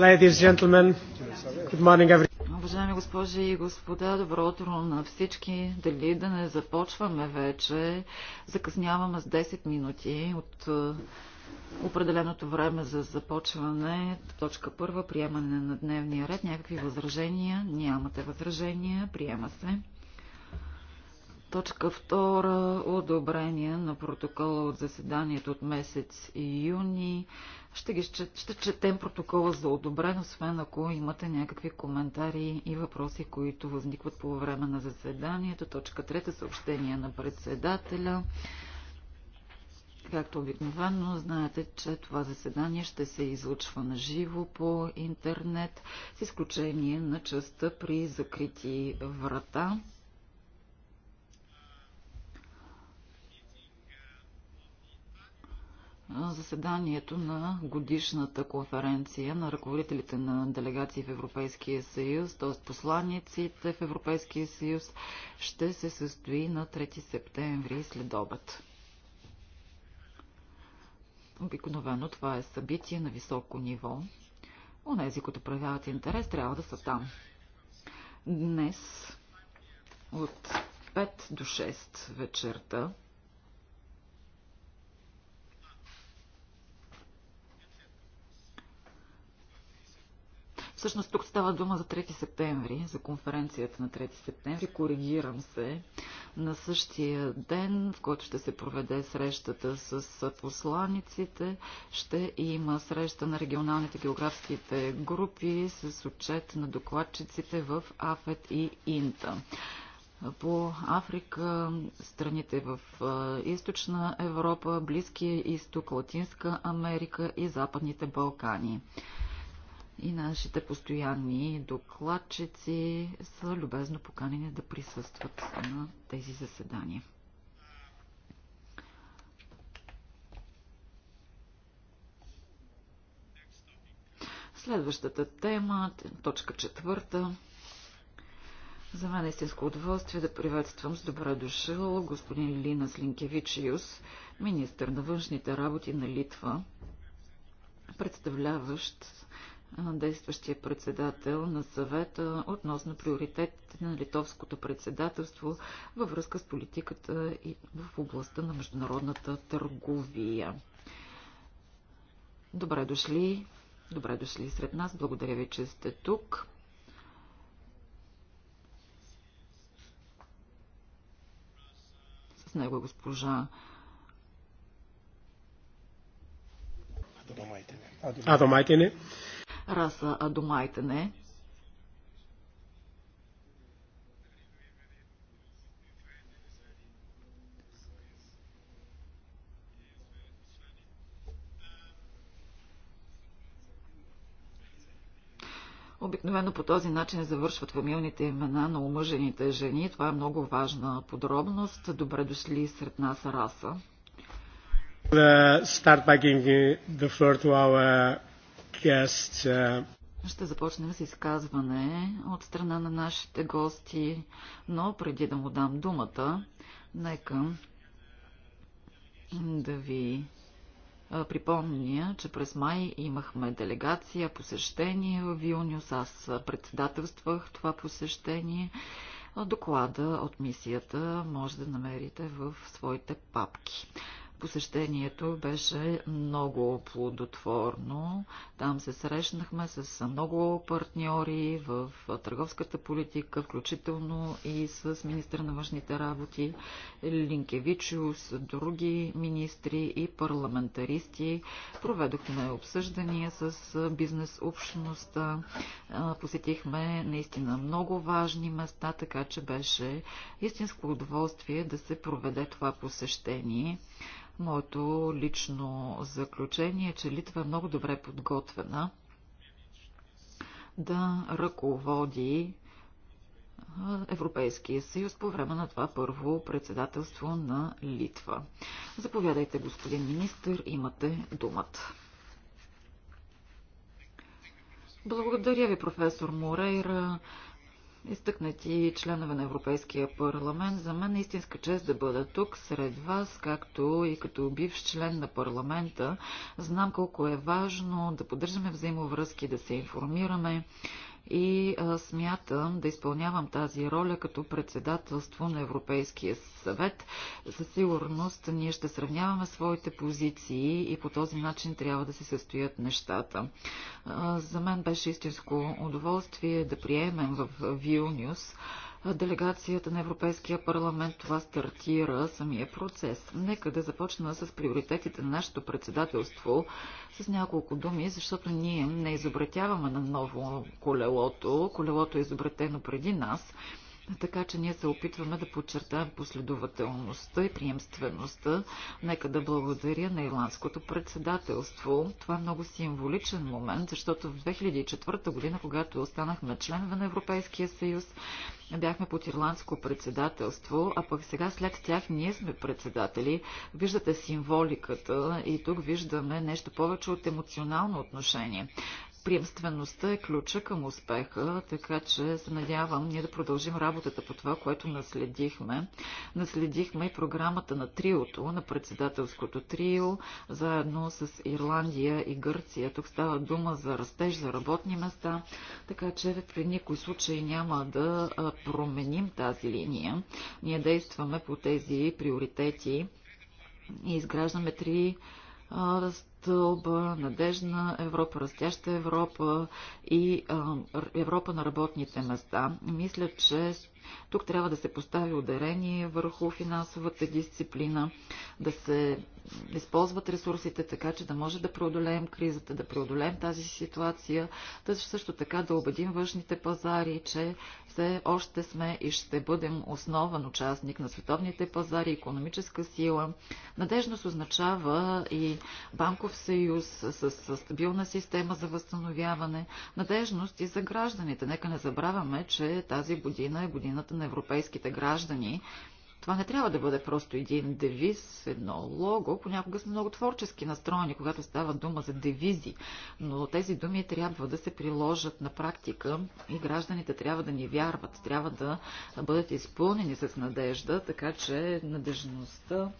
Ladies, gentlemen, good morning Уважаеми госпожи и господа, добро утро на всички. Дали да не започваме вече? Закъсняваме с 10 минути от е, определеното време за започване. Точка първа, приемане на дневния ред. Някакви възражения? Нямате възражения. Приема се. Точка 2. Одобрение на протокола от заседанието от месец и юни. Ще, ги, ще, ще четем протокола за одобрен, освен ако имате някакви коментари и въпроси, които възникват по време на заседанието. Точка 3. Съобщение на председателя. Както обикновено, знаете, че това заседание ще се излъчва на живо по интернет, с изключение на частта при закрити врата. заседанието на годишната конференция на ръководителите на делегации в Европейския съюз, т.е. посланиците в Европейския съюз, ще се състои на 3 септември след обед. Обикновено това е събитие на високо ниво. Онези, които проявяват интерес, трябва да са там. Днес от 5 до 6 вечерта Всъщност тук става дума за 3 септември, за конференцията на 3 септември. Коригирам се на същия ден, в който ще се проведе срещата с посланиците. Ще има среща на регионалните географските групи с отчет на докладчиците в АФЕТ и Инта по Африка, страните в източна Европа, Близкия изток, Латинска Америка и Западните Балкани и нашите постоянни докладчици са любезно поканени да присъстват на тези заседания. Следващата тема, точка четвърта. За мен е истинско удоволствие да приветствам с добре дошъл господин Лина Слинкевичиус, министър на външните работи на Литва, представляващ действащия председател на съвета относно приоритетите на литовското председателство във връзка с политиката и в областта на международната търговия. Добре дошли. Добре дошли сред нас. Благодаря ви, че сте тук. С него е госпожа Адомайтене. Адомайтене раса adumaitene. Обикновено по този начин завършват фамилните имена на омъжените жени. Това е много важна подробност. Добре дошли сред нас раса. Uh, Uh, Ще започнем с изказване от страна на нашите гости, но преди да му дам думата, нека да ви припомня, че през май имахме делегация, посещение в Вилнюс. Аз председателствах това посещение. Доклада от мисията може да намерите в своите папки. Посещението беше много плодотворно. Там се срещнахме с много партньори в търговската политика, включително и с министра на външните работи Линкевичиус, други министри и парламентаристи. Проведохме обсъждания с бизнес общността. Посетихме наистина много важни места, така че беше истинско удоволствие да се проведе това посещение. Моето лично заключение е, че Литва е много добре подготвена да ръководи Европейския съюз по време на това първо председателство на Литва. Заповядайте, господин министр, имате думата. Благодаря ви, професор Морейра изтъкнати членове на Европейския парламент. За мен е истинска чест да бъда тук сред вас, както и като бивш член на парламента. Знам колко е важно да поддържаме взаимовръзки, да се информираме, и а, смятам да изпълнявам тази роля като председателство на Европейския съвет. Със сигурност ние ще сравняваме своите позиции и по този начин трябва да се състоят нещата. А, за мен беше истинско удоволствие да приемем в Вилнюс делегацията на Европейския парламент това стартира самия процес. Нека да започна с приоритетите на нашето председателство с няколко думи, защото ние не изобретяваме на ново колелото. Колелото е изобретено преди нас така че ние се опитваме да подчертаем последователността и приемствеността. Нека да благодаря на ирландското председателство. Това е много символичен момент, защото в 2004 година, когато останахме членове на Европейския съюз, бяхме под ирландско председателство, а пък сега след тях ние сме председатели. Виждате символиката и тук виждаме нещо повече от емоционално отношение приемствеността е ключа към успеха, така че се надявам ние да продължим работата по това, което наследихме. Наследихме и програмата на триото, на председателското трио, заедно с Ирландия и Гърция. Тук става дума за растеж, за работни места, така че при никой случай няма да променим тази линия. Ние действаме по тези приоритети и изграждаме три стълба, надежна Европа, растяща Европа и Европа на работните места. Мисля, че тук трябва да се постави ударение върху финансовата дисциплина, да се използват ресурсите така, че да може да преодолеем кризата, да преодолеем тази ситуация, да също така да убедим външните пазари, че все още сме и ще бъдем основан участник на световните пазари, економическа сила. Надежност означава и банков съюз с, с стабилна система за възстановяване, надежност и за гражданите. Нека не забравяме, че тази година е година картината на европейските граждани. Това не трябва да бъде просто един девиз, едно лого. Понякога сме много творчески настроени, когато става дума за девизи. Но тези думи трябва да се приложат на практика и гражданите трябва да ни вярват, трябва да бъдат изпълнени с надежда, така че надежността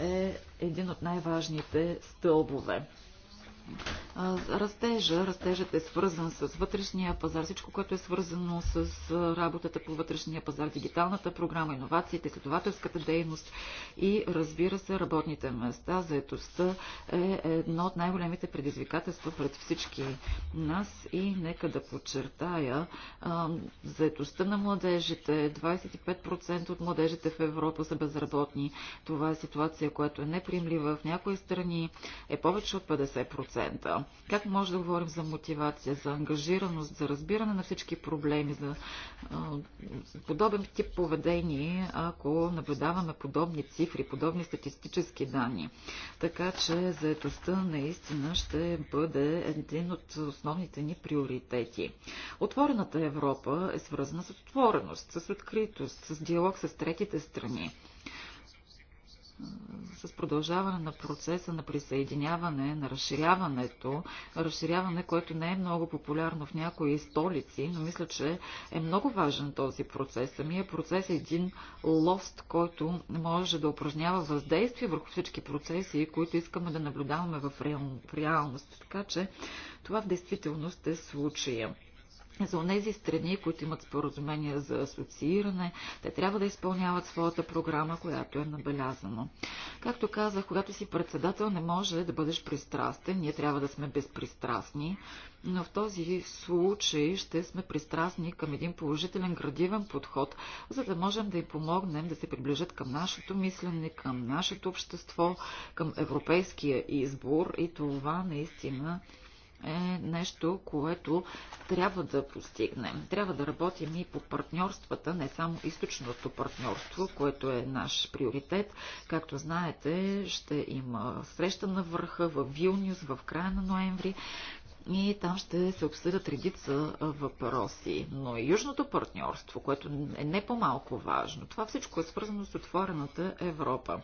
е един от най-важните стълбове. Растежа, растежът е свързан с вътрешния пазар, всичко, което е свързано с работата по вътрешния пазар, дигиталната програма, иновациите, изследователската дейност и разбира се работните места. Заетостта е едно от най-големите предизвикателства пред всички нас и нека да подчертая заетостта на младежите. 25% от младежите в Европа са безработни. Това е ситуация, която е неприемлива. В някои страни е повече от 50%. 100%. Как може да говорим за мотивация, за ангажираност, за разбиране на всички проблеми, за подобен тип поведение, ако наблюдаваме подобни цифри, подобни статистически данни. Така че заетостта наистина ще бъде един от основните ни приоритети. Отворената Европа е свързана с отвореност, с откритост, с диалог с третите страни с продължаване на процеса на присъединяване, на разширяването, разширяване, което не е много популярно в някои столици, но мисля, че е много важен този процес. Самия процес е един лост, който може да упражнява въздействие върху всички процеси, които искаме да наблюдаваме в, реал... в реалност. Така че това в действителност е случая за тези страни, които имат споразумение за асоцииране, те трябва да изпълняват своята програма, която е набелязана. Както казах, когато си председател не може да бъдеш пристрастен, ние трябва да сме безпристрастни, но в този случай ще сме пристрастни към един положителен градивен подход, за да можем да им помогнем да се приближат към нашето мислене, към нашето общество, към европейския избор и това наистина е нещо, което трябва да постигнем. Трябва да работим и по партньорствата, не само източното партньорство, което е наш приоритет. Както знаете, ще има среща на върха в Вилнюс в края на ноември и там ще се обсъдят редица въпроси. Но и южното партньорство, което е не по-малко важно, това всичко е свързано с отворената Европа.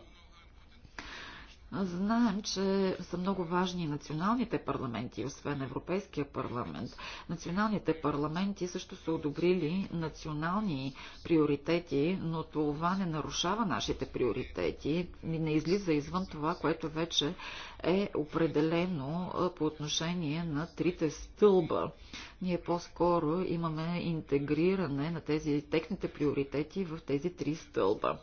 Знаем, че са много важни националните парламенти, освен Европейския парламент. Националните парламенти също са одобрили национални приоритети, но това не нарушава нашите приоритети, не излиза извън това, което вече е определено по отношение на трите стълба. Ние по-скоро имаме интегриране на тези техните приоритети в тези три стълба.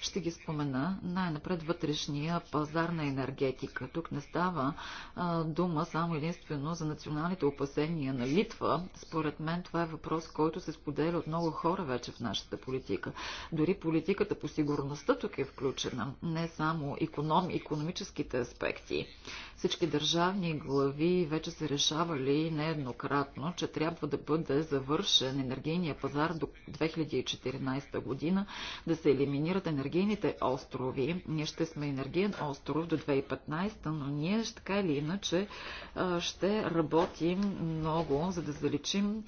Ще ги спомена най-напред вътрешния пазар на енергетика. Тук не става а, дума само единствено за националните опасения на Литва. Според мен това е въпрос, който се споделя от много хора вече в нашата политика. Дори политиката по сигурността тук е включена. Не само економ, економическите аспекти. Всички държавни глави вече са решавали нееднократно, че трябва да бъде завършен енергийния пазар до 2014 година, да се елиминират енергийните острови. Ние ще сме енергиен остров до 2015, но ние така или иначе ще работим много, за да заличим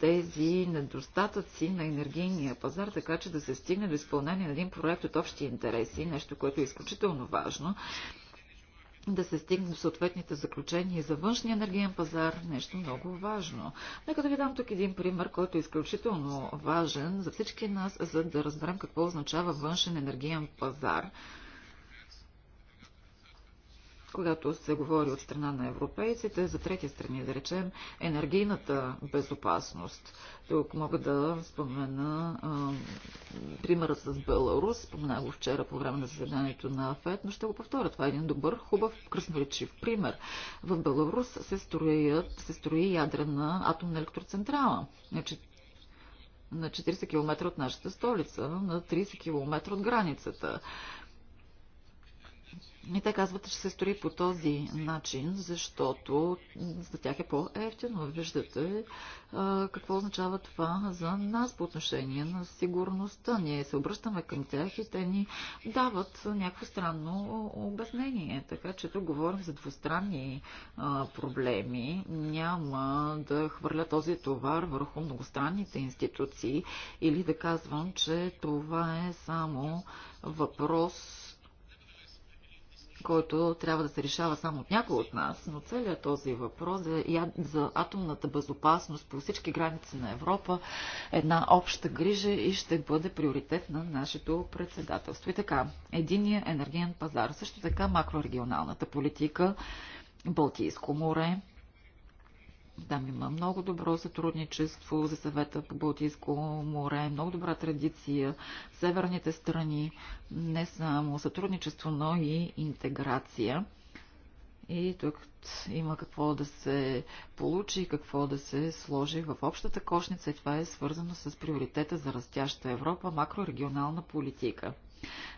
тези недостатъци на енергийния пазар, така че да се стигне до изпълнение на един проект от общи интереси, нещо, което е изключително важно да се стигне до съответните заключения за външния енергиен пазар, нещо много важно. Нека да ви дам тук един пример, който е изключително важен за всички нас, за да разберем какво означава външен енергиен пазар когато се говори от страна на европейците, за трети страни, да речем, енергийната безопасност. Тук мога да спомена а, примера с Беларус, спомена го вчера по време на заседанието на ФЕД, но ще го повторя. Това е един добър, хубав, кръсноречив пример. В Беларус се, строят, се строи ядрена атомна електроцентрала. Значи, на 40 км от нашата столица, на 30 км от границата. И те казват, че се строи по този начин, защото за тях е по-ефтино. Виждате а, какво означава това за нас по отношение на сигурността. Ние се обръщаме към тях и те ни дават някакво странно обяснение. Така че тук говорим за двустранни а, проблеми. Няма да хвърля този товар върху многостранните институции или да казвам, че това е само въпрос който трябва да се решава само от някой от нас, но целият този въпрос за, за атомната безопасност по всички граници на Европа една обща грижа и ще бъде приоритет на нашето председателство. И така, единия енергиен пазар, също така макрорегионалната политика, Балтийско море, там има много добро сътрудничество за съвета по Балтийско море, много добра традиция северните страни, не само сътрудничество, но и интеграция. И тук има какво да се получи, какво да се сложи в общата кошница и това е свързано с приоритета за растяща Европа, макрорегионална политика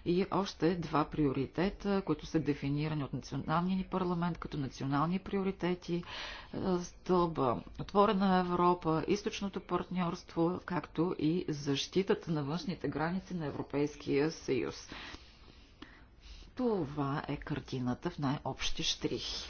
и още два приоритета, които са дефинирани от националния ни парламент като национални приоритети, е, стълба Отворена Европа, източното партньорство, както и защитата на външните граници на Европейския съюз. Това е картината в най-общи штрихи.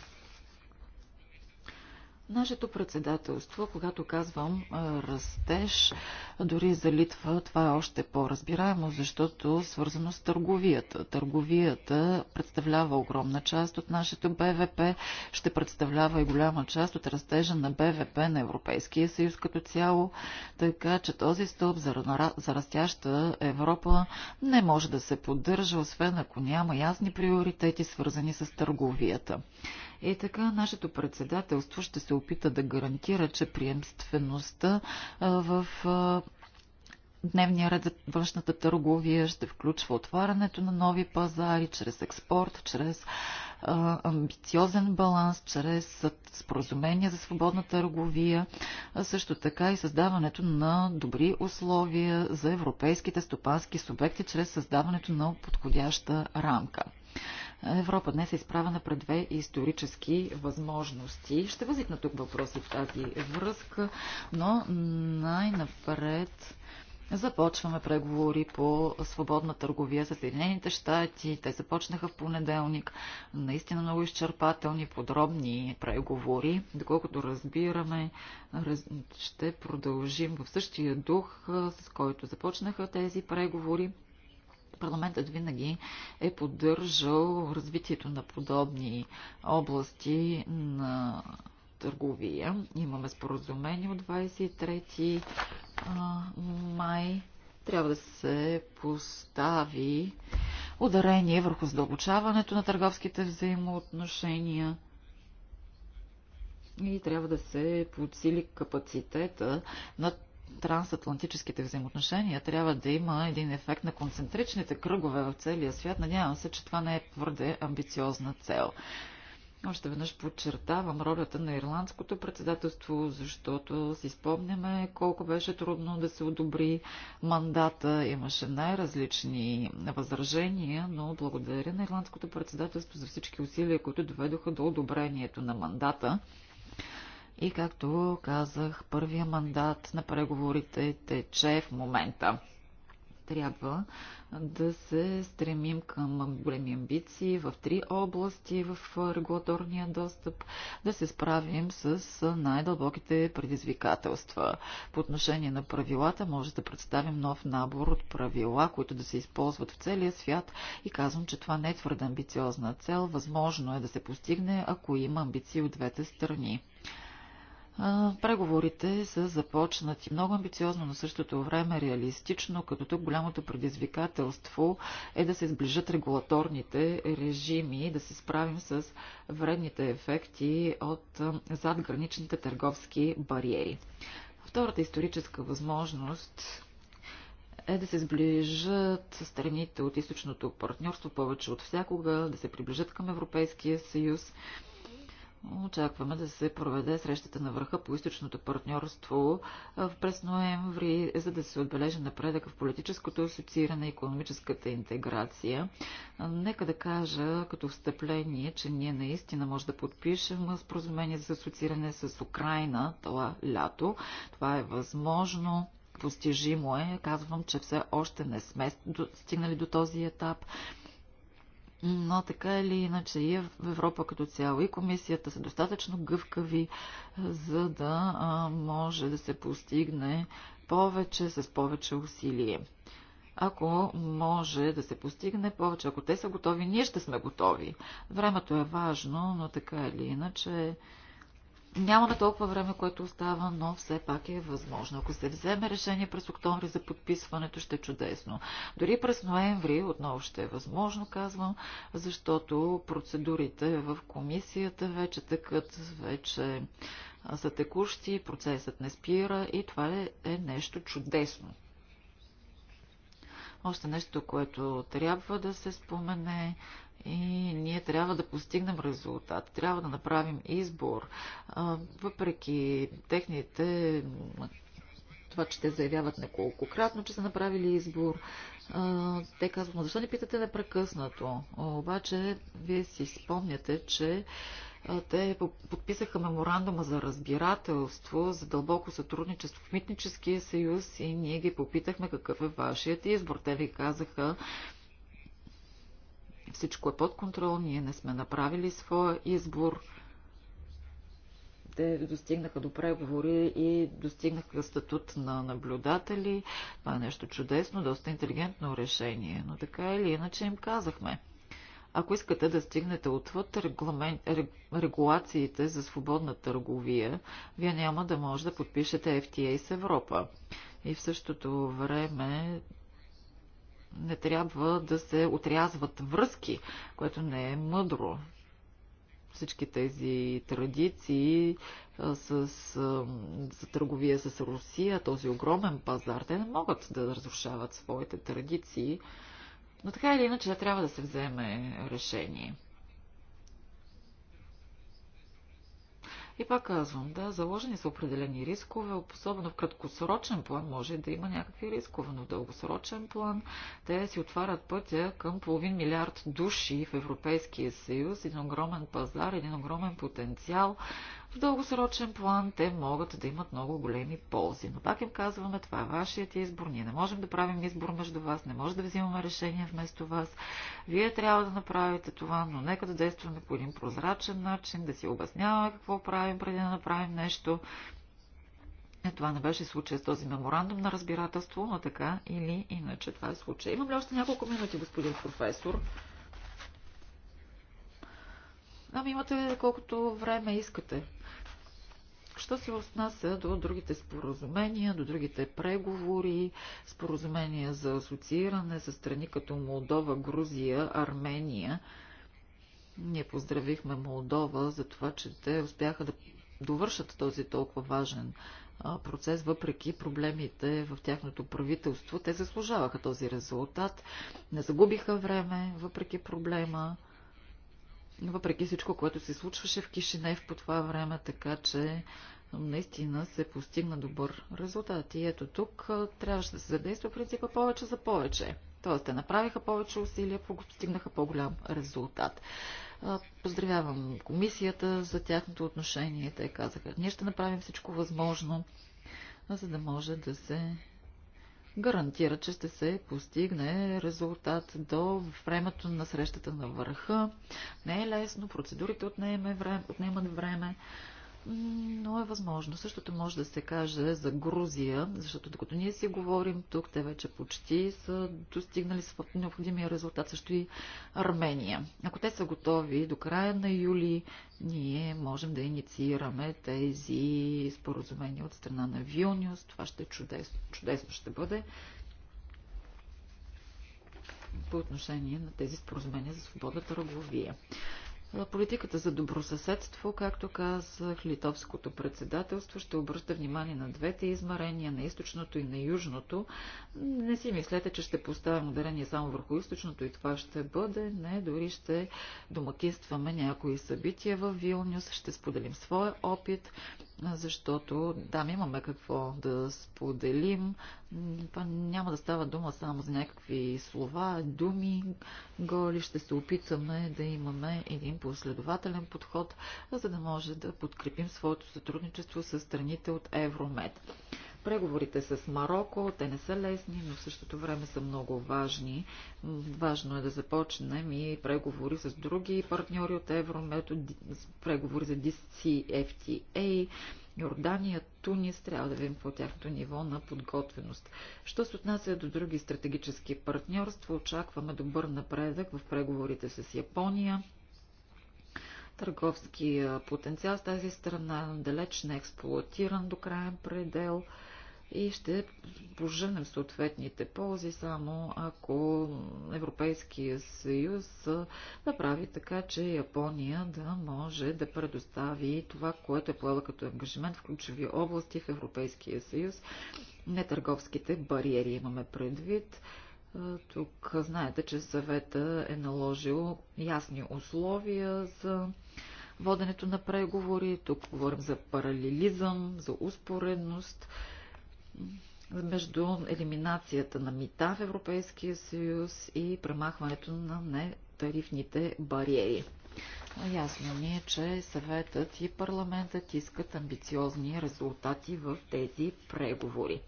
Нашето председателство, когато казвам растеж, дори за Литва това е още по-разбираемо, защото е свързано с търговията. Търговията представлява огромна част от нашето БВП, ще представлява и голяма част от растежа на БВП на Европейския съюз като цяло, така че този стълб за растяща Европа не може да се поддържа, освен ако няма ясни приоритети, свързани с търговията. И така нашето председателство ще се опита да гарантира, че приемствеността в дневния ред за външната търговия ще включва отварянето на нови пазари чрез експорт, чрез амбициозен баланс, чрез споразумение за свободна търговия, а също така и създаването на добри условия за европейските стопански субекти чрез създаването на подходяща рамка. Европа днес е изправена пред две исторически възможности. Ще възникна тук въпроси в тази връзка, но най-напред Започваме преговори по свободна търговия с Съединените щати. Те започнаха в понеделник. Наистина много изчерпателни, подробни преговори. Доколкото разбираме, ще продължим в същия дух, с който започнаха тези преговори парламентът винаги е поддържал развитието на подобни области на търговия. Имаме споразумение от 23 май. Трябва да се постави ударение върху задълбочаването на търговските взаимоотношения и трябва да се подсили капацитета на трансатлантическите взаимоотношения трябва да има един ефект на концентричните кръгове в целия свят. Надявам се, че това не е твърде амбициозна цел. Още веднъж подчертавам ролята на ирландското председателство, защото си спомняме колко беше трудно да се одобри мандата. Имаше най-различни възражения, но благодаря на ирландското председателство за всички усилия, които доведоха до одобрението на мандата. И както казах, първия мандат на преговорите тече в момента. Трябва да се стремим към големи амбиции в три области в регулаторния достъп, да се справим с най-дълбоките предизвикателства. По отношение на правилата може да представим нов набор от правила, които да се използват в целия свят и казвам, че това не е твърде амбициозна цел. Възможно е да се постигне, ако има амбиции от двете страни. Преговорите са започнати много амбициозно, но същото време реалистично, като тук голямото предизвикателство е да се сближат регулаторните режими, да се справим с вредните ефекти от задграничните търговски бариери. Втората историческа възможност е да се сближат страните от източното партньорство повече от всякога, да се приближат към Европейския съюз. Очакваме да се проведе срещата на върха по източното партньорство през ноември, за да се отбележи напредък в политическото асоцииране и економическата интеграция. Нека да кажа като встъпление, че ние наистина може да подпишем споразумение за асоцииране с Украина това лято. Това е възможно постижимо е. Казвам, че все още не сме стигнали до този етап. Но така или иначе и в Европа като цяло и комисията са достатъчно гъвкави, за да може да се постигне повече с повече усилие. Ако може да се постигне повече, ако те са готови, ние ще сме готови. Времето е важно, но така или иначе Нямаме толкова време, което остава, но все пак е възможно. Ако се вземе решение през октомври за подписването, ще е чудесно. Дори през ноември отново ще е възможно, казвам, защото процедурите в комисията вече тъкат, вече са текущи, процесът не спира и това е, е нещо чудесно. Още нещо, което трябва да се спомене, и ние трябва да постигнем резултат, трябва да направим избор, въпреки техните това, че те заявяват неколкократно, че са направили избор. Те казват, но защо не питате непрекъснато? Обаче, вие си спомняте, че те подписаха меморандума за разбирателство, за дълбоко сътрудничество в Митническия съюз и ние ги попитахме какъв е вашият избор. Те ви казаха, всичко е под контрол, ние не сме направили своя избор. Те достигнаха до преговори и достигнаха статут на наблюдатели. Това е нещо чудесно, доста интелигентно решение, но така или иначе им казахме. Ако искате да стигнете отвъд регламен... регулациите за свободна търговия, вие няма да може да подпишете FTA с Европа. И в същото време не трябва да се отрязват връзки, което не е мъдро. Всички тези традиции с, за търговия с Русия, този огромен пазар, те не могат да разрушават своите традиции. Но така или иначе трябва да се вземе решение. И пак казвам, да, заложени са определени рискове, особено в краткосрочен план може да има някакви рискове, но в дългосрочен план те си отварят пътя към половин милиард души в Европейския съюз, един огромен пазар, един огромен потенциал в дългосрочен план те могат да имат много големи ползи. Но пак им казваме, това е вашият избор, ние не можем да правим избор между вас, не може да взимаме решение вместо вас. Вие трябва да направите това, но нека да действаме по един прозрачен начин, да си обясняваме какво правим преди да направим нещо. Е, това не беше случай с този меморандум на разбирателство, но така или иначе това е случай. Имам ли още няколко минути, господин професор? Ами имате ли колкото време искате. Що се отнася до другите споразумения, до другите преговори, споразумения за асоцииране с страни като Молдова, Грузия, Армения, ние поздравихме Молдова за това, че те успяха да довършат този толкова важен процес, въпреки проблемите в тяхното правителство. Те заслужаваха този резултат, не загубиха време, въпреки проблема въпреки всичко, което се случваше в Кишинев по това време, така че наистина се постигна добър резултат. И ето тук трябваше да се задейства принципа повече за повече. Тоест, те направиха повече усилия, постигнаха по-голям резултат. Поздравявам комисията за тяхното отношение. Те казаха, ние ще направим всичко възможно, за да може да се гарантира, че ще се постигне резултат до времето на срещата на върха. Не е лесно, процедурите отнеме време, отнемат време, но е възможно. Същото може да се каже за Грузия, защото докато ние си говорим тук, те вече почти са достигнали с необходимия резултат, също и Армения. Ако те са готови до края на юли, ние можем да инициираме тези споразумения от страна на Вилниус. Това ще е чудесно. Чудесно ще бъде по отношение на тези споразумения за свободна търговия. Политиката за добросъседство, както казах, литовското председателство ще обръща внимание на двете измерения, на източното и на южното. Не си мислете, че ще поставим ударение само върху източното и това ще бъде. Не, дори ще домакинстваме някои събития в Вилнюс, ще споделим своя опит, защото там имаме какво да споделим. Това няма да става дума само за някакви слова, думи, голи. Ще се опитаме да имаме един последователен подход, за да може да подкрепим своето сътрудничество с страните от Евромед. Преговорите с Марокко, те не са лесни, но в същото време са много важни. Важно е да започнем и преговори с други партньори от Евромето, преговори за DCFTA, Йордания, Тунис, трябва да видим по е тяхното ниво на подготвеност. Що се отнася до други стратегически партньорства, очакваме добър напредък в преговорите с Япония, търговски потенциал с тази страна далеч не е експлуатиран до краен предел – и ще поженем съответните ползи само ако Европейския съюз направи така, че Япония да може да предостави това, което е поела като ангажимент в ключови области в Европейския съюз, не търговските бариери имаме предвид. Тук знаете, че съвета е наложил ясни условия за воденето на преговори. Тук говорим за паралелизъм, за успоредност между елиминацията на мита в Европейския съюз и премахването на нетарифните бариери. Ясно ми е, че съветът и парламентът искат амбициозни резултати в тези преговори.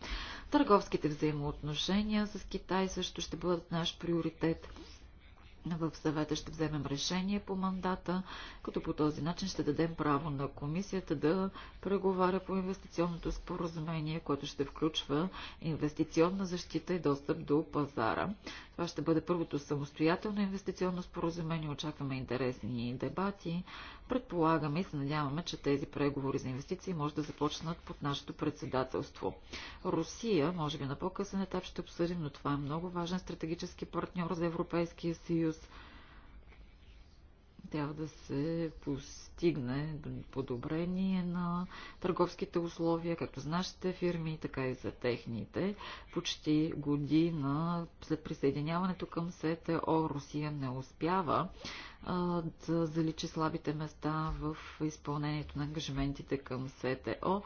Търговските взаимоотношения с Китай също ще бъдат наш приоритет в съвета ще вземем решение по мандата, като по този начин ще дадем право на комисията да преговаря по инвестиционното споразумение, което ще включва инвестиционна защита и достъп до пазара. Това ще бъде първото самостоятелно инвестиционно споразумение. Очакваме интересни дебати Предполагаме и се надяваме, че тези преговори за инвестиции може да започнат под нашето председателство. Русия, може би на по-късен етап ще обсъдим, но това е много важен стратегически партньор за Европейския съюз трябва да се постигне подобрение на търговските условия, както за нашите фирми, така и за техните. Почти година след присъединяването към СТО Русия не успява да заличи слабите места в изпълнението на ангажиментите към СТО,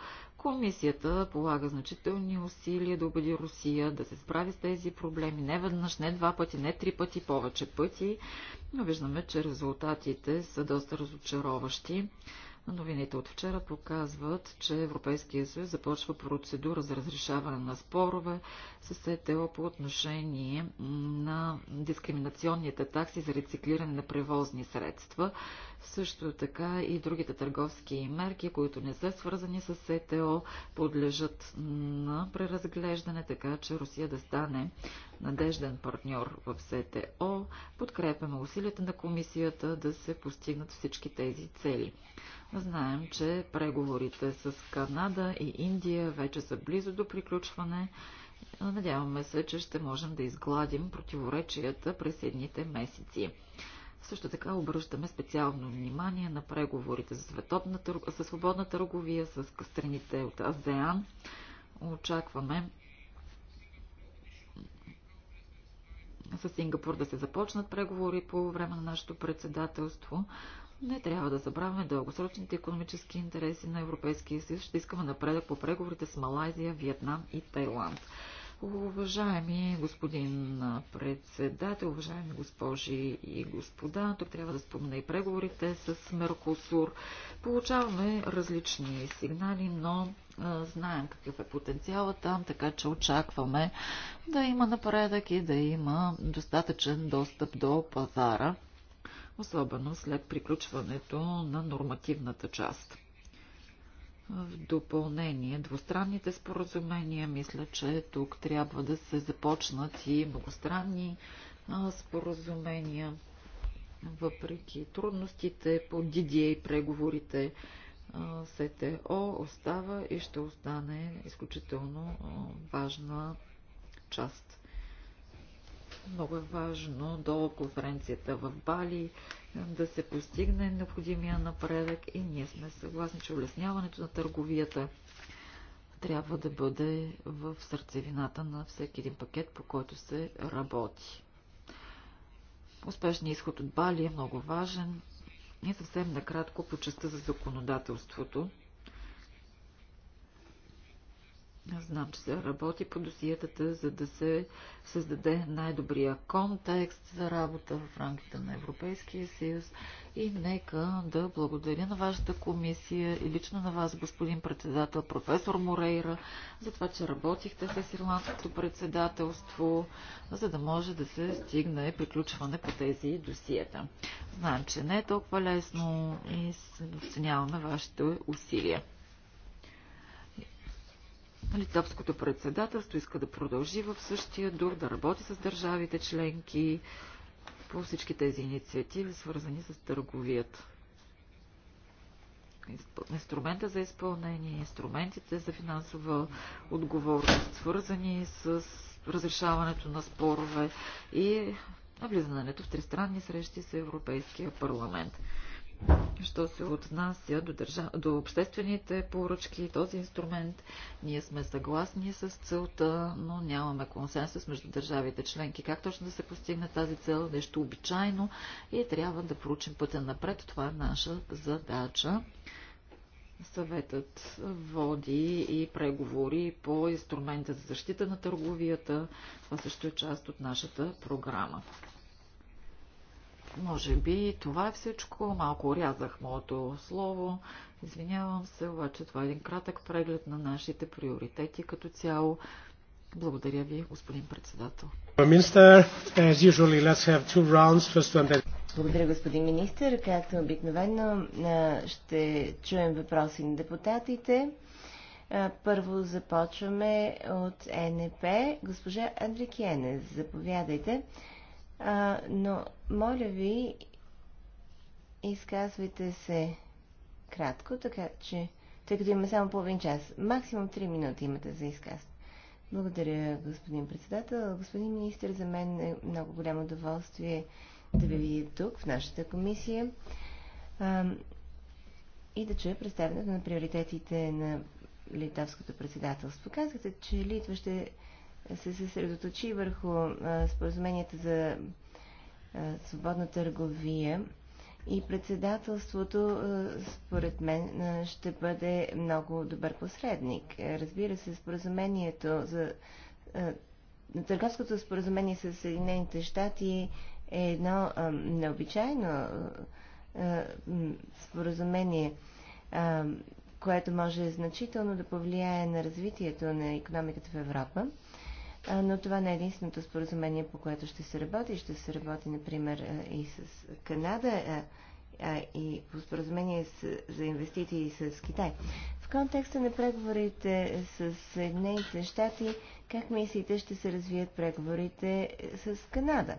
Комисията полага значителни усилия да убеди Русия да се справи с тези проблеми не веднъж, не два пъти, не три пъти, повече пъти, но виждаме, че резултатите са доста разочароващи. Новините от вчера показват, че Европейския съюз започва процедура за разрешаване на спорове с СТО по отношение на дискриминационните такси за рециклиране на превозни средства, също така и другите търговски мерки, които не са свързани с СТО, подлежат на преразглеждане, така че Русия да стане надежден партньор в СТО. Подкрепяме усилията на комисията да се постигнат всички тези цели. Знаем, че преговорите с Канада и Индия вече са близо до приключване. Надяваме се, че ще можем да изгладим противоречията през едните месеци. Също така обръщаме специално внимание на преговорите за, световната, за свободна търговия с страните от АЗЕАН. Очакваме с Сингапур да се започнат преговори по време на нашето председателство. Не трябва да забравяме дългосрочните економически интереси на Европейския съюз. Ще искаме напредък по преговорите с Малайзия, Виетнам и Тайланд. Уважаеми господин председател, уважаеми госпожи и господа, тук трябва да спомена и преговорите с Меркосур. Получаваме различни сигнали, но а, знаем какъв е потенциала там, така че очакваме да има напредък и да има достатъчен достъп до пазара особено след приключването на нормативната част. В допълнение, двустранните споразумения, мисля, че тук трябва да се започнат и многостранни споразумения, въпреки трудностите по DDA и преговорите. СТО остава и ще остане изключително важна част много е важно до конференцията в Бали да се постигне необходимия напредък и ние сме съгласни, че улесняването на търговията трябва да бъде в сърцевината на всеки един пакет, по който се работи. Успешният изход от Бали е много важен. И съвсем накратко по частта за законодателството. Знам, че се работи по досиетата, за да се създаде най-добрия контекст за работа в рамките на Европейския съюз. И нека да благодаря на вашата комисия и лично на вас, господин председател, професор Морейра, за това, че работихте с ирландското председателство, за да може да се стигне приключване по тези досиета. Знам, че не е толкова лесно и оценяваме вашите усилия. Литовското нали, председателство иска да продължи в същия дух, да работи с държавите членки по всички тези инициативи, свързани с търговията. Инструмента за изпълнение, инструментите за финансова отговорност, свързани с разрешаването на спорове и навлизането в тристранни срещи с Европейския парламент. Що се отнася до, държа... до обществените поръчки, този инструмент, ние сме съгласни с целта, но нямаме консенсус между държавите членки. Как точно да се постигне тази цел, нещо обичайно и трябва да проучим пътя напред. Това е наша задача. Съветът води и преговори по инструмента за защита на търговията. Това също е част от нашата програма. Може би това е всичко. Малко урязах моето слово. Извинявам се, обаче това е един кратък преглед на нашите приоритети като цяло. Благодаря ви, господин председател. Благодаря, господин министр. Както обикновено ще чуем въпроси на депутатите. Първо започваме от НП. Госпожа Андрикиене, заповядайте. А, но, моля ви, изказвайте се кратко, така че, тъй като има само половин час, максимум 3 минути имате за изказване. Благодаря, господин председател. Господин министр, за мен е много голямо удоволствие да ви видя тук, в нашата комисия а, и да чуя представянето на приоритетите на литовското председателство. Казахте, че Литва ще се съсредоточи върху споразуменията за свободна търговия и председателството, според мен, ще бъде много добър посредник. Разбира се, споразумението за търговското споразумение с Съединените щати е едно а, необичайно а, споразумение, а, което може значително да повлияе на развитието на економиката в Европа но това не е единственото споразумение, по което ще се работи. Ще се работи, например, и с Канада, а и по споразумение за инвестиции с Китай. В контекста на преговорите с Съединените щати, как мислите ще се развият преговорите с Канада?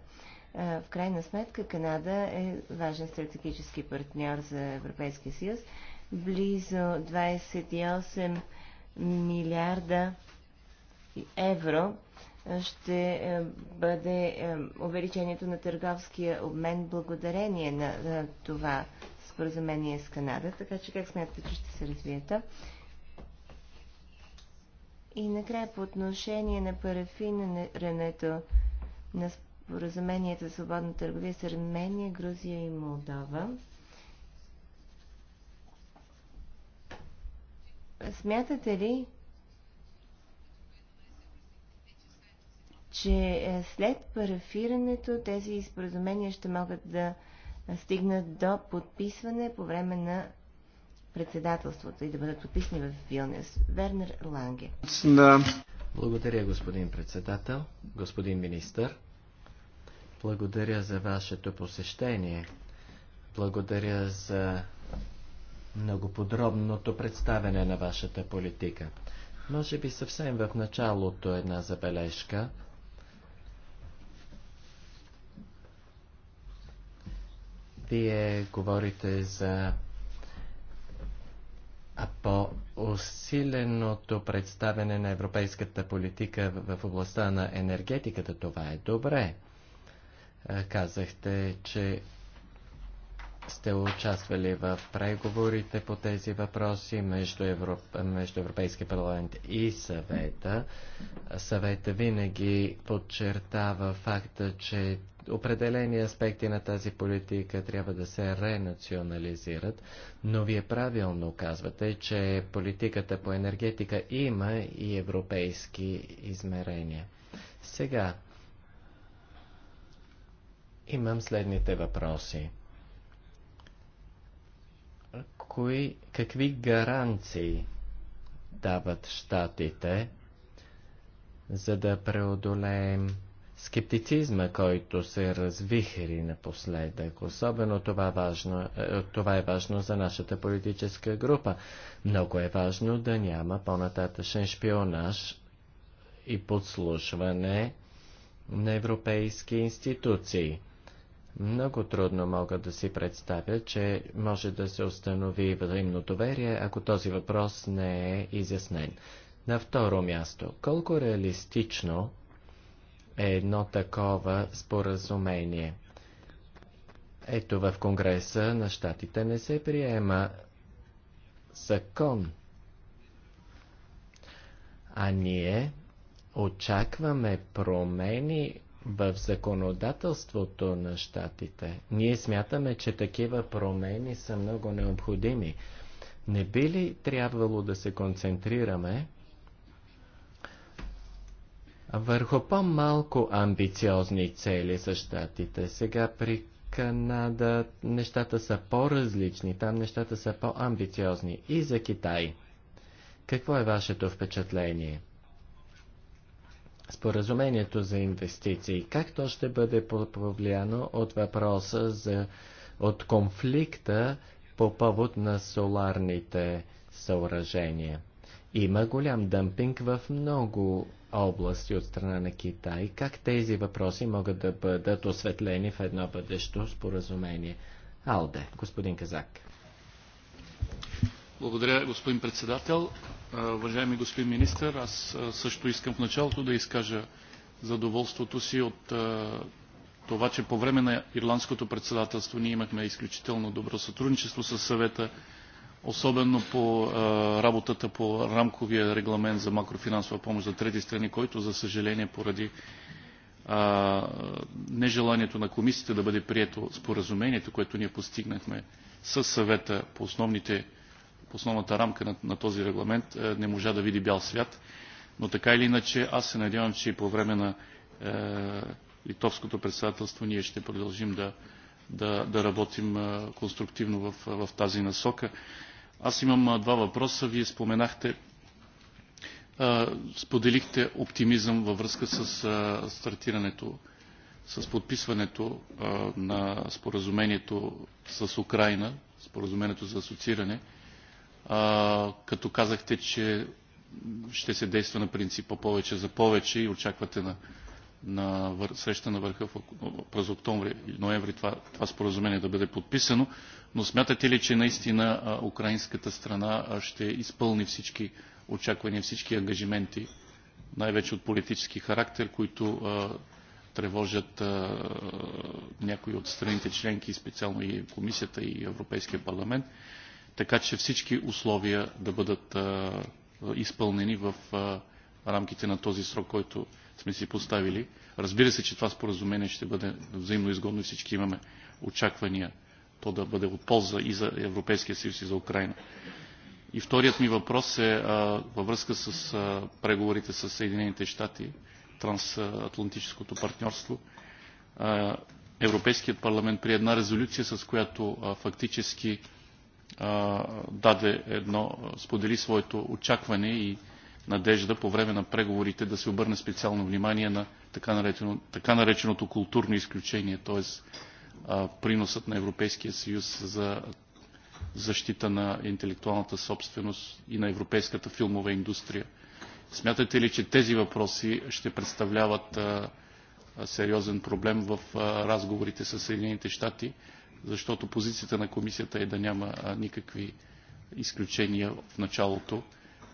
В крайна сметка Канада е важен стратегически партньор за Европейския съюз. Близо 28 милиарда евро ще е, бъде е, увеличението на търговския обмен благодарение на това споразумение с Канада. Така че как смятате, че ще се развие И накрая по отношение на парафинирането на споразумението за свободна търговия с Армения, Грузия и Молдова. Смятате ли, че е, след парафирането тези споразумения ще могат да стигнат до подписване по време на председателството и да бъдат подписани в Вилнес. Вернер Ланге. Да. Благодаря, господин председател, господин министър. Благодаря за вашето посещение. Благодаря за много подробното представяне на вашата политика. Може би съвсем в началото една забележка. Вие говорите за по-усиленото представяне на европейската политика в областта на енергетиката. Това е добре. Казахте, че сте участвали в преговорите по тези въпроси между, Европ... между Европейския парламент и съвета. Съвета винаги подчертава факта, че определени аспекти на тази политика трябва да се ренационализират, но вие правилно казвате, че политиката по енергетика има и европейски измерения. Сега имам следните въпроси. Кои, какви гаранции дават щатите, за да преодолеем скептицизма, който се развихри напоследък. Особено това, важно, е, това е важно за нашата политическа група. Много е важно да няма по-нататъчен шпионаж и подслушване на европейски институции. Много трудно мога да си представя, че може да се установи взаимно доверие, ако този въпрос не е изяснен. На второ място, колко реалистично едно такова споразумение. Ето в Конгреса на щатите не се приема закон, а ние очакваме промени в законодателството на щатите. Ние смятаме, че такива промени са много необходими. Не би ли трябвало да се концентрираме върху по-малко амбициозни цели за щатите. Сега при Канада нещата са по-различни, там нещата са по-амбициозни и за Китай. Какво е вашето впечатление? Споразумението за инвестиции, как то ще бъде повлияно от въпроса за, от конфликта по повод на соларните съоръжения? Има голям дъмпинг в много области от страна на Китай. Как тези въпроси могат да бъдат осветлени в едно бъдещо споразумение? Алде, господин Казак. Благодаря, господин председател. Уважаеми господин министр, аз също искам в началото да изкажа задоволството си от това, че по време на ирландското председателство ние имахме изключително добро сътрудничество с съвета особено по работата по рамковия регламент за макрофинансова помощ за трети страни, който за съжаление поради нежеланието на комисията да бъде прието споразумението, което ние постигнахме с съвета по, основните, по основната рамка на, на този регламент, не можа да види бял свят. Но така или иначе, аз се надявам, че и по време на е, литовското председателство ние ще продължим да, да, да работим конструктивно в, в тази насока. Аз имам два въпроса. Вие споменахте, споделихте оптимизъм във връзка с стартирането, с подписването на споразумението с Украина, споразумението за асоцииране, като казахте, че ще се действа на принципа повече за повече и очаквате на на вър... среща на върха в... през октомври и ноември това, това споразумение да бъде подписано, но смятате ли, че наистина а, украинската страна а, ще изпълни всички очаквания, всички ангажименти, най-вече от политически характер, които а, тревожат а, някои от страните членки, специално и Комисията и Европейския парламент, така че всички условия да бъдат а, изпълнени в а, рамките на този срок, който сме си поставили. Разбира се, че това споразумение ще бъде взаимно изгодно и всички имаме очаквания то да бъде от полза и за Европейския съюз и за Украина. И вторият ми въпрос е а, във връзка с а, преговорите с Съединените щати, трансатлантическото партньорство. А, Европейският парламент при една резолюция, с която а, фактически а, даде едно, сподели своето очакване и надежда по време на преговорите да се обърне специално внимание на така, наречено, така нареченото културно изключение, т.е. приносът на Европейския съюз за защита на интелектуалната собственост и на европейската филмова индустрия. Смятате ли, че тези въпроси ще представляват а, сериозен проблем в а, разговорите с Съединените щати, защото позицията на комисията е да няма а, никакви изключения в началото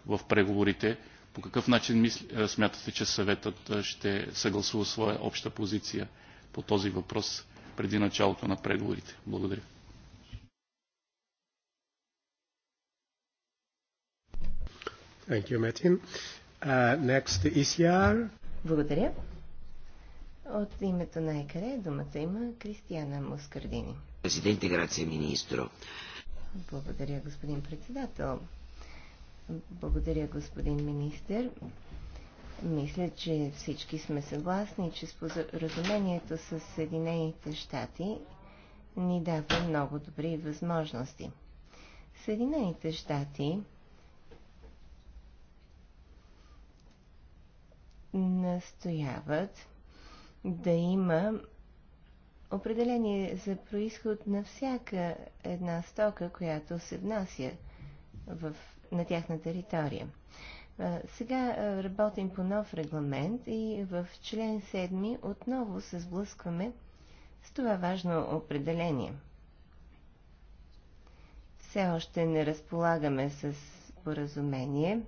в преговорите? По какъв начин смятате, че съветът ще съгласува своя обща позиция по този въпрос преди началото на преговорите? Благодаря. Thank you, Uh, next, ECR. Благодаря. От името на ЕКАРЕ думата има Кристияна Москардини. Президенте, грация, министро. Благодаря, господин председател. Благодаря, господин министр. Мисля, че всички сме съгласни, че споразумението с Съединените щати ни дава много добри възможности. Съединените щати настояват да има определение за происход на всяка една стока, която се внася в на тяхна територия. Сега работим по нов регламент и в член 7 отново се сблъскваме с това важно определение. Все още не разполагаме с споразумение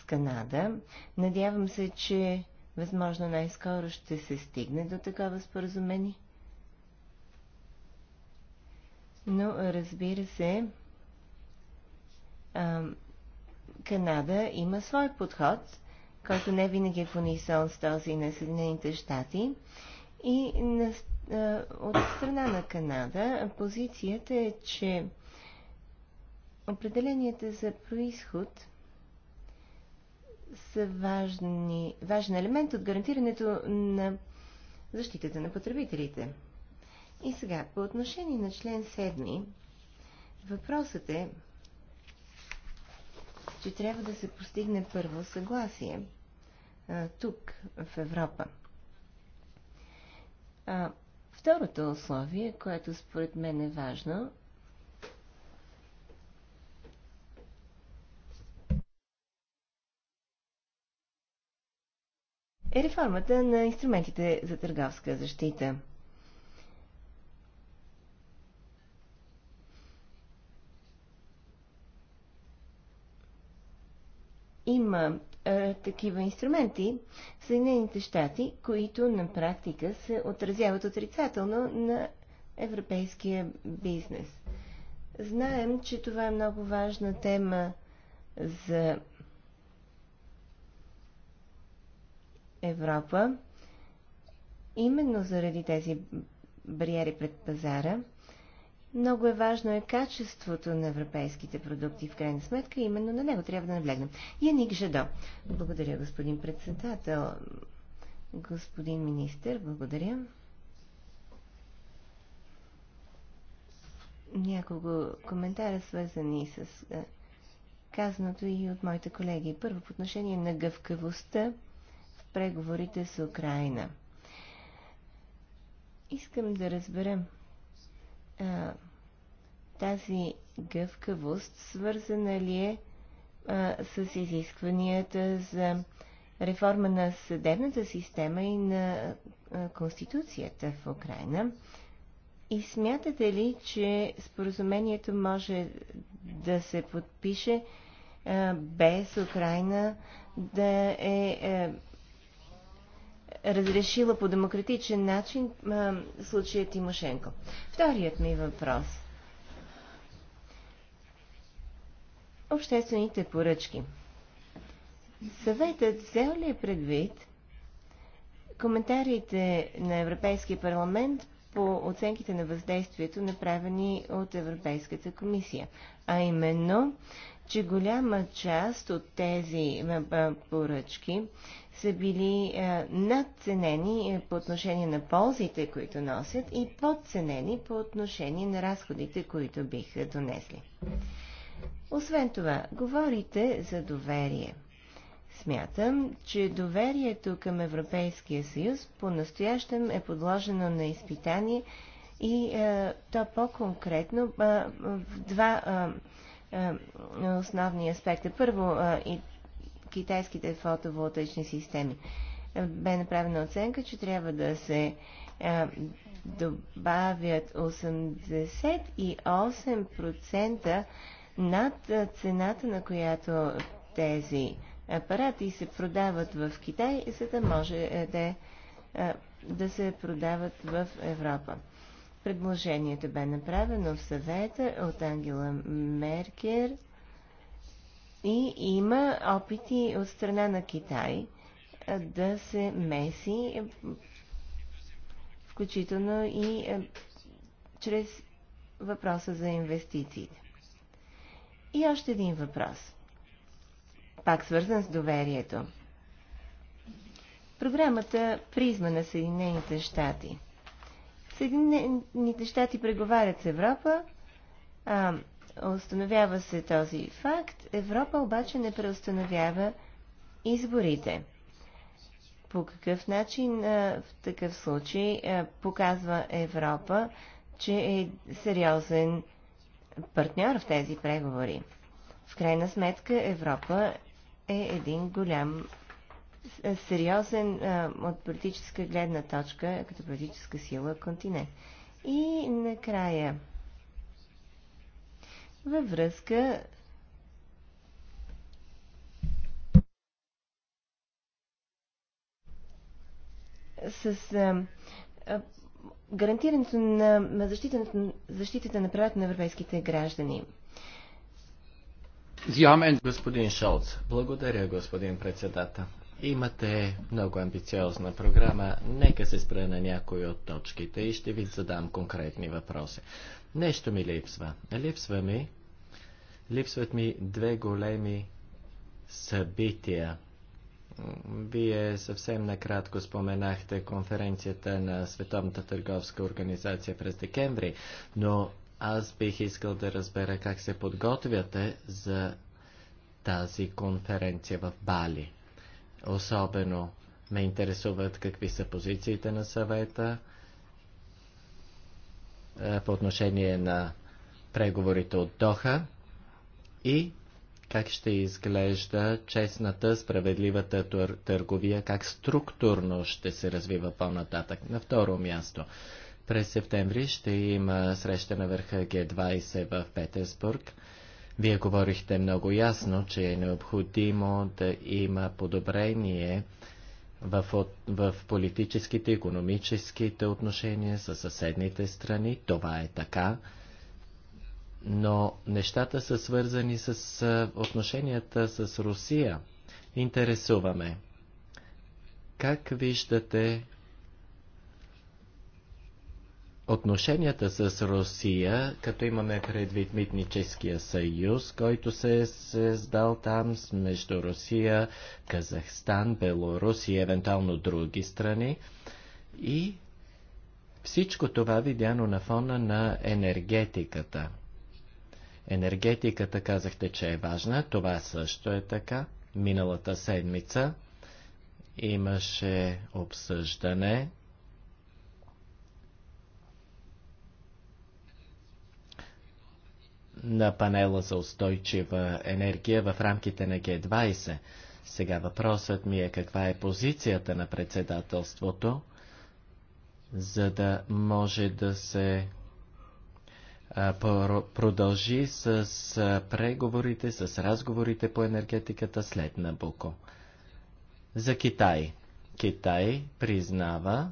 с Канада. Надявам се, че възможно най-скоро ще се стигне до такова споразумение. Но разбира се, Канада има свой подход, който не винаги е в унисон с този на Съединените щати. И на, а, от страна на Канада позицията е, че определенията за происход са важни, важен елемент от гарантирането на защитата на потребителите. И сега, по отношение на член 7, въпросът е че трябва да се постигне първо съгласие а, тук, в Европа. А, второто условие, което според мен е важно, е реформата на инструментите за търговска защита. има а, такива инструменти в Съединените щати, които на практика се отразяват отрицателно на европейския бизнес. Знаем, че това е много важна тема за Европа, именно заради тези бариери пред пазара – много е важно е качеството на европейските продукти. В крайна сметка, именно на него трябва да наблегнем. Яник Жадо. Благодаря, господин председател. Господин министр, благодаря. Няколко коментара, свързани с е, казаното и от моите колеги. Първо, по отношение на гъвкавостта в преговорите с Украина. Искам да разберем а, тази гъвкавост свързана ли е а, с изискванията за реформа на съдебната система и на а, Конституцията в Украина? И смятате ли, че споразумението може да се подпише а, без Украина да е, е разрешила по демократичен начин а, случая Тимошенко. Вторият ми въпрос. Обществените поръчки. Съветът взел ли е предвид коментарите на Европейския парламент по оценките на въздействието, направени от Европейската комисия? А именно, че голяма част от тези поръчки са били е, надценени е, по отношение на ползите, които носят и подценени по отношение на разходите, които биха донесли. Освен това, говорите за доверие. Смятам, че доверието към Европейския съюз по-настоящем е подложено на изпитание и е, то по-конкретно е, в два е, е, основни аспекта. Първо, е, и китайските фотоволтаични системи. Е, бе направена оценка, че трябва да се а, е, добавят 88% над е, цената, на която тези апарати се продават в Китай, за да може да, да се продават в Европа. Предложението бе направено в съвета от Ангела Меркер – и има опити от страна на Китай да се меси, включително и чрез въпроса за инвестициите. И още един въпрос, пак свързан с доверието. Програмата Призма на Съединените щати. Съединените щати преговарят с Европа, а Установява се този факт. Европа обаче не преустановява изборите. По какъв начин в такъв случай показва Европа, че е сериозен партньор в тези преговори? В крайна сметка Европа е един голям, сериозен от политическа гледна точка, като политическа сила континент. И накрая във връзка с а, а, гарантирането на защитата, защитата на правата на европейските граждани. Господин Шолц, благодаря, господин председател. Имате много амбициозна програма. Нека се спра на някои от точките и ще ви задам конкретни въпроси. Нещо ми липсва. Липсва ми, липсват ми две големи събития. Вие съвсем накратко споменахте конференцията на Световната търговска организация през декември, но аз бих искал да разбера как се подготвяте за тази конференция в Бали. Особено ме интересуват какви са позициите на съвета е, по отношение на преговорите от Доха и как ще изглежда честната, справедливата търговия, как структурно ще се развива по-нататък. На второ място, през септември ще има среща на върха Г20 в Петербург. Вие говорихте много ясно, че е необходимо да има подобрение в, в политическите, економическите отношения с съседните страни. Това е така. Но нещата са свързани с отношенията с Русия. Интересуваме. Как виждате отношенията с Русия, като имаме предвид митническия съюз, който се е създал там между Русия, Казахстан, Белорусия и евентуално други страни. И всичко това видяно на фона на енергетиката. Енергетиката казахте, че е важна, това също е така. Миналата седмица имаше обсъждане на панела за устойчива енергия в рамките на Г-20. Сега въпросът ми е каква е позицията на председателството, за да може да се продължи с преговорите, с разговорите по енергетиката след Набуко. За Китай. Китай признава,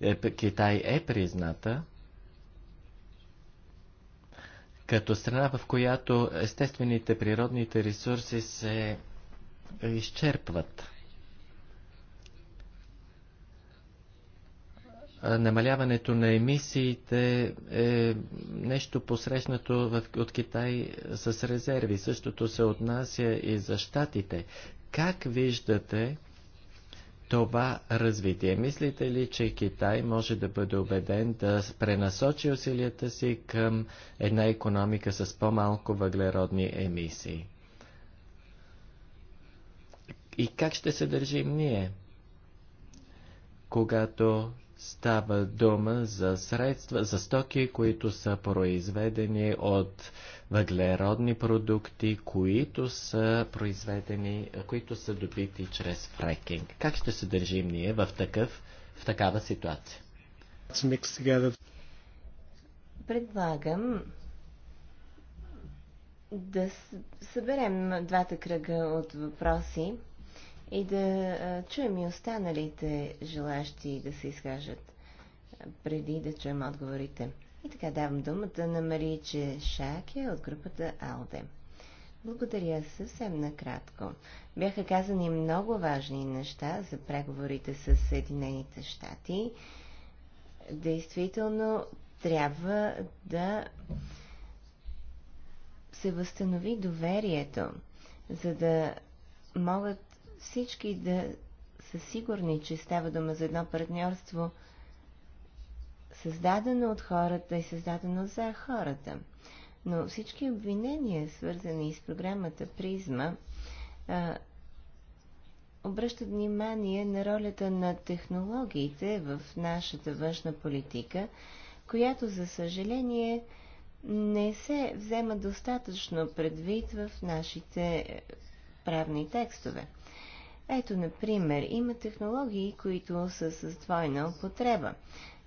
е, Китай е призната като страна, в която естествените природните ресурси се изчерпват. намаляването на емисиите е нещо посрещнато от Китай с резерви. Същото се отнася и за щатите. Как виждате това развитие. Мислите ли, че Китай може да бъде убеден да пренасочи усилията си към една економика с по-малко въглеродни емисии? И как ще се държим ние, когато става дума за средства, за стоки, които са произведени от въглеродни продукти, които са произведени, които са добити чрез фрекинг. Как ще се държим ние в, такъв, в такава ситуация? Предлагам да съберем двата кръга от въпроси и да чуем и останалите желащи да се изкажат преди да чуем отговорите. И така давам думата на Мариче Шаке от групата АЛДЕ. Благодаря съвсем накратко. Бяха казани много важни неща за преговорите с Съединените щати. Действително трябва да се възстанови доверието, за да могат всички да са сигурни, че става дума за едно партньорство – създадено от хората и създадено за хората. Но всички обвинения, свързани с програмата Призма, обръщат внимание на ролята на технологиите в нашата външна политика, която, за съжаление, не се взема достатъчно предвид в нашите правни текстове. Ето, например, има технологии, които са с двойна употреба.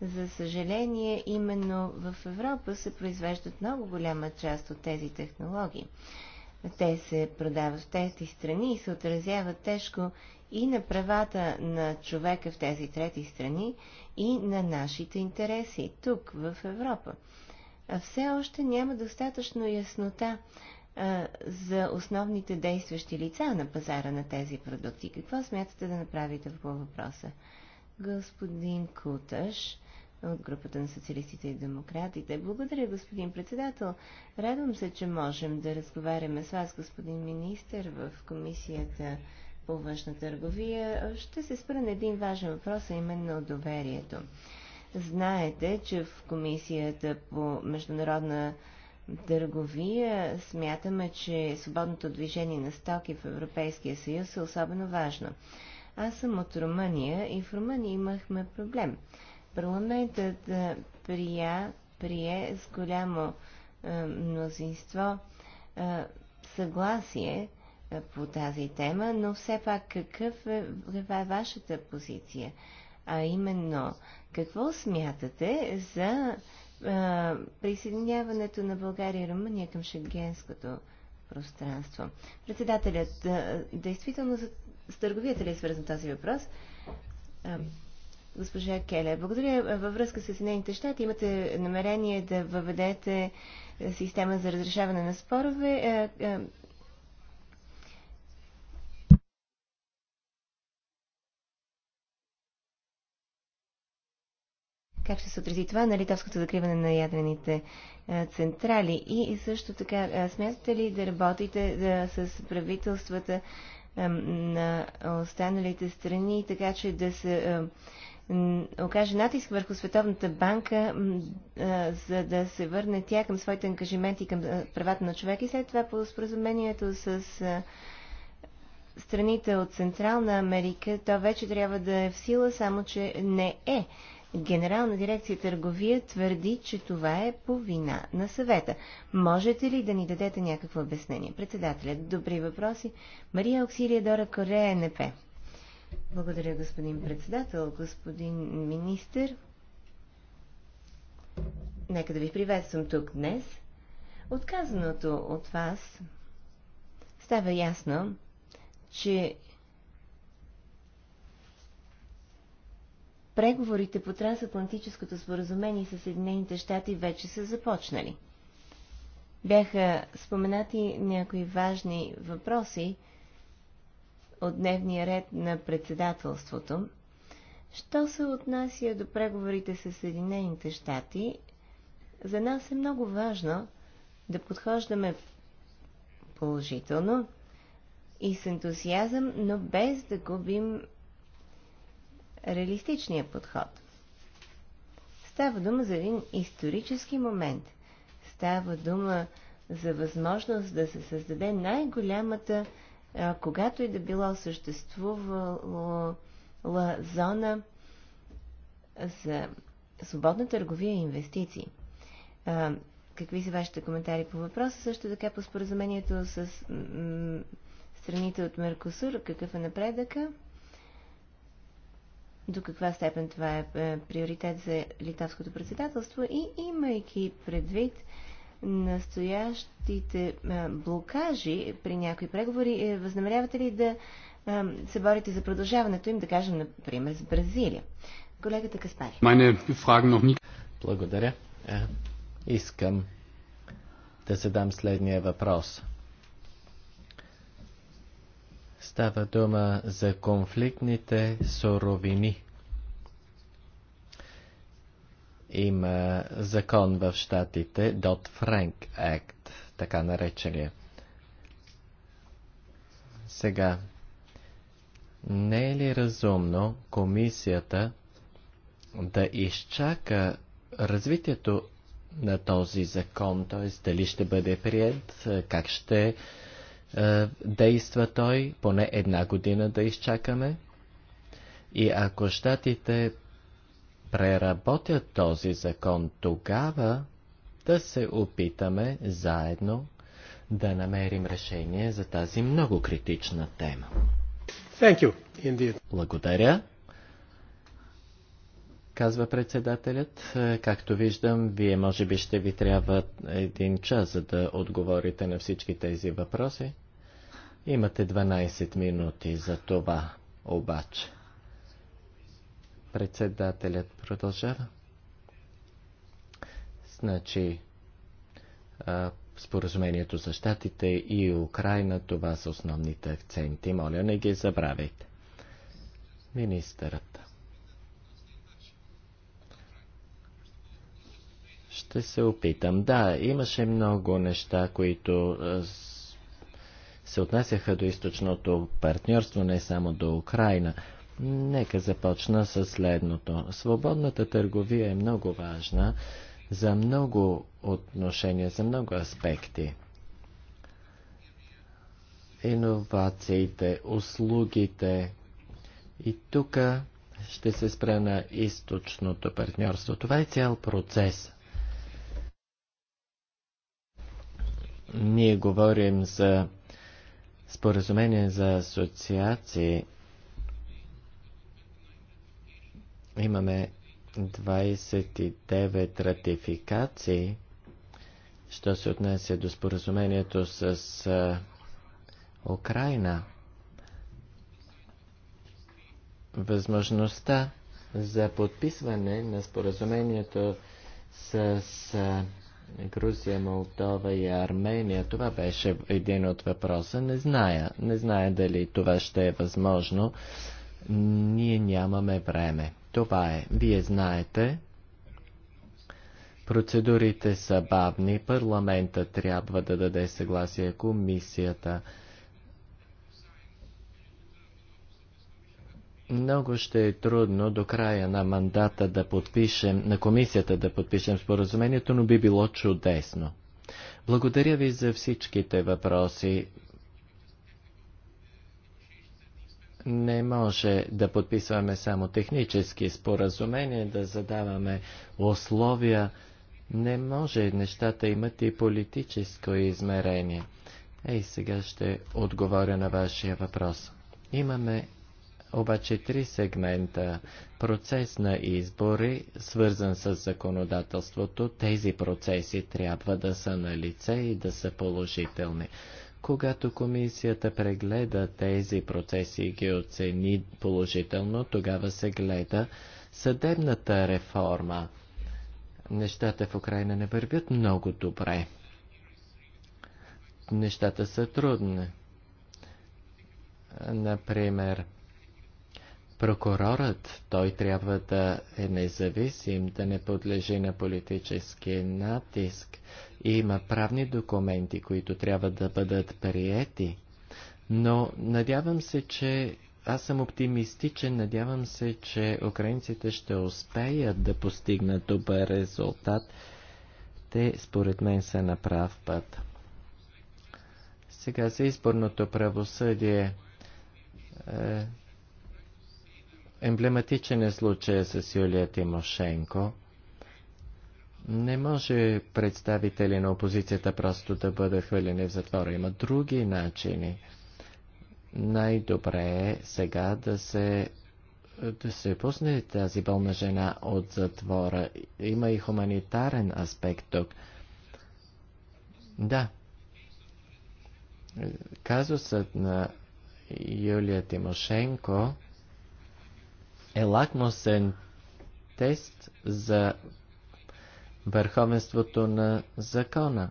За съжаление, именно в Европа се произвеждат много голяма част от тези технологии. Те се продават в тези страни и се отразяват тежко и на правата на човека в тези трети страни и на нашите интереси тук, в Европа. А все още няма достатъчно яснота а, за основните действащи лица на пазара на тези продукти. Какво смятате да направите по въпроса? Господин Куташ от групата на социалистите и демократите. Благодаря, господин председател. Радвам се, че можем да разговаряме с вас, господин министр, в комисията по външна търговия. Ще се спра на един важен въпрос, а именно доверието. Знаете, че в комисията по международна търговия смятаме, че свободното движение на стоки в Европейския съюз е особено важно. Аз съм от Румъния и в Румъния имахме проблем. Парламентът прия, прие с голямо е, мнозинство е, съгласие е, по тази тема, но все пак какъв е, каква е вашата позиция? А именно, какво смятате за присъединяването на България и Румъния към шенгенското пространство. Председателят, действително с търговията ли е свързан този въпрос? госпожа Келе, благодаря. Във връзка с Съединените щати имате намерение да въведете система за разрешаване на спорове. как ще се отрази това на литовското закриване на ядрените е, централи? И също така, е, смятате ли да работите е, с правителствата на останалите страни, така че да се окаже натиск върху Световната банка, за да се върне тя към своите ангажименти към правата на човека и след това по споразумението с страните от Централна Америка, то вече трябва да е в сила, само че не е. Генерална дирекция търговия твърди, че това е по вина на съвета. Можете ли да ни дадете някакво обяснение? Председателят, добри въпроси. Мария Оксилия Дора Корея, НП. Благодаря, господин председател, господин министр. Нека да ви приветствам тук днес. Отказаното от вас става ясно, че преговорите по трансатлантическото споразумение с Съединените щати вече са започнали. Бяха споменати някои важни въпроси от дневния ред на председателството. Що се отнася до преговорите с Съединените щати, за нас е много важно да подхождаме положително и с ентусиазъм, но без да губим реалистичния подход. Става дума за един исторически момент. Става дума за възможност да се създаде най-голямата, когато и да било съществувала зона за свободна търговия и инвестиции. какви са вашите коментари по въпроса? Също така по споразумението с страните от Меркосур, какъв е напредъка? до каква степен това е, е приоритет за литовското председателство и имайки предвид настоящите е, блокажи при някои преговори, е, възнамерявате ли да се борите за продължаването им, да кажем, например, с Бразилия? Колегата Каспари. Благодаря. Искам да задам следния въпрос. Става дума за конфликтните суровини. Има закон в щатите, Дот Франк Акт, така наречения. Сега, не е ли разумно комисията да изчака развитието на този закон, т.е. дали ще бъде прият, как ще е, действа той, поне една година да изчакаме. И ако щатите преработят този закон, тогава да се опитаме заедно да намерим решение за тази много критична тема. Thank you, indeed. Благодаря. Казва председателят. Е, както виждам, вие може би ще ви трябва един час, за да отговорите на всички тези въпроси. Имате 12 минути за това, обаче. Председателят продължава. Значи, а, споразумението за щатите и Украина, това са основните акценти. Моля, не ги забравяйте. Министърът. Ще се опитам. Да, имаше много неща, които се отнасяха до източното партньорство, не само до Украина. Нека започна с следното. Свободната търговия е много важна за много отношения, за много аспекти. Иновациите, услугите. И тук ще се спра на източното партньорство. Това е цял процес. Ние говорим за споразумение за асоциации имаме 29 ратификации, що се отнесе до споразумението с Украина. Възможността за подписване на споразумението с Грузия, Молдова и Армения. Това беше един от въпроса. Не зная. Не зная дали това ще е възможно. Ние нямаме време. Това е. Вие знаете. Процедурите са бавни. Парламента трябва да даде съгласие комисията. Много ще е трудно до края на мандата да подпишем, на комисията да подпишем споразумението, но би било чудесно. Благодаря ви за всичките въпроси. Не може да подписваме само технически споразумения, да задаваме условия. Не може нещата имат и политическо измерение. Ей, сега ще отговоря на вашия въпрос. Имаме обаче три сегмента. Процес на избори, свързан с законодателството, тези процеси трябва да са на лице и да са положителни. Когато комисията прегледа тези процеси и ги оцени положително, тогава се гледа съдебната реформа. Нещата в Украина не вървят много добре. Нещата са трудни. Например, Прокурорът, той трябва да е независим, да не подлежи на политически натиск. Има правни документи, които трябва да бъдат приети. Но надявам се, че аз съм оптимистичен, надявам се, че украинците ще успеят да постигнат добър резултат. Те, според мен, са на прав път. Сега за изборното правосъдие. Е, Емблематичен е случая с Юлия Тимошенко. Не може представители на опозицията просто да бъдат хвилени в затвора. Има други начини. Най-добре е сега да се да се пусне тази болна жена от затвора. Има и хуманитарен аспект тук. Да. Казусът на Юлия Тимошенко е лакмусен тест за върховенството на закона.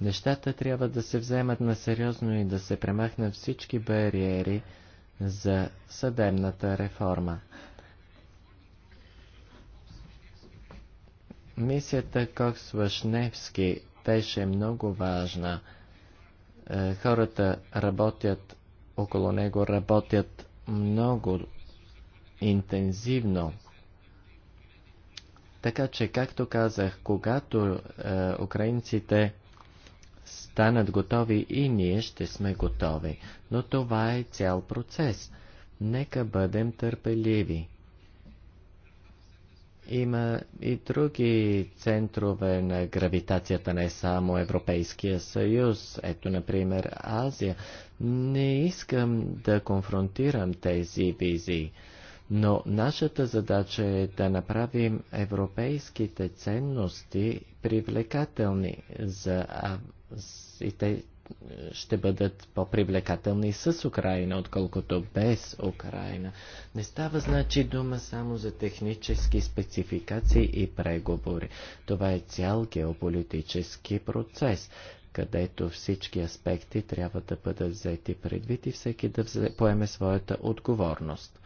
Нещата трябва да се вземат на сериозно и да се премахнат всички бариери за съдебната реформа. Мисията Коксвашневски беше много важна. Е, хората работят около него работят много интензивно. Така че, както казах, когато е, украинците станат готови и ние ще сме готови, но това е цял процес. Нека бъдем търпеливи. Има и други центрове на гравитацията, не само Европейския съюз, ето например Азия. Не искам да конфронтирам тези визии, но нашата задача е да направим европейските ценности привлекателни за, Азия. и те, ще бъдат по-привлекателни с Украина, отколкото без Украина. Не става значи дума само за технически спецификации и преговори. Това е цял геополитически процес, където всички аспекти трябва да бъдат взети предвид и всеки да взе, поеме своята отговорност.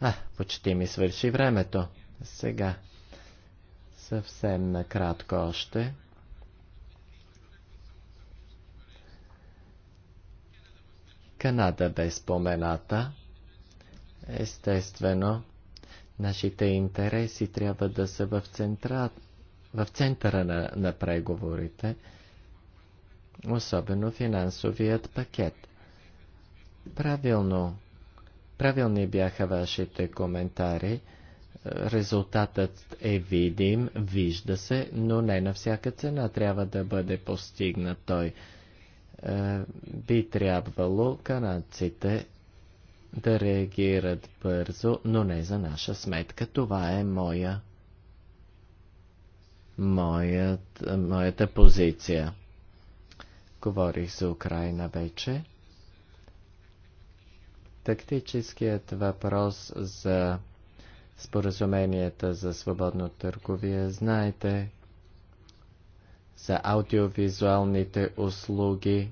А, почти ми свърши времето. Сега. Съвсем накратко още. Канада бе спомената. Естествено, нашите интереси трябва да са в, центра, в центъра на, на преговорите, особено финансовият пакет. Правилно, правилни бяха вашите коментари. Резултатът е видим, вижда се, но не на всяка цена трябва да бъде постигнат той. Е, би трябвало канадците да реагират бързо, но не за наша сметка. Това е моя, моят, моята позиция. Говорих за Украина вече. Тактическият въпрос за споразуменията за свободна търговия, знаете, за аудиовизуалните услуги.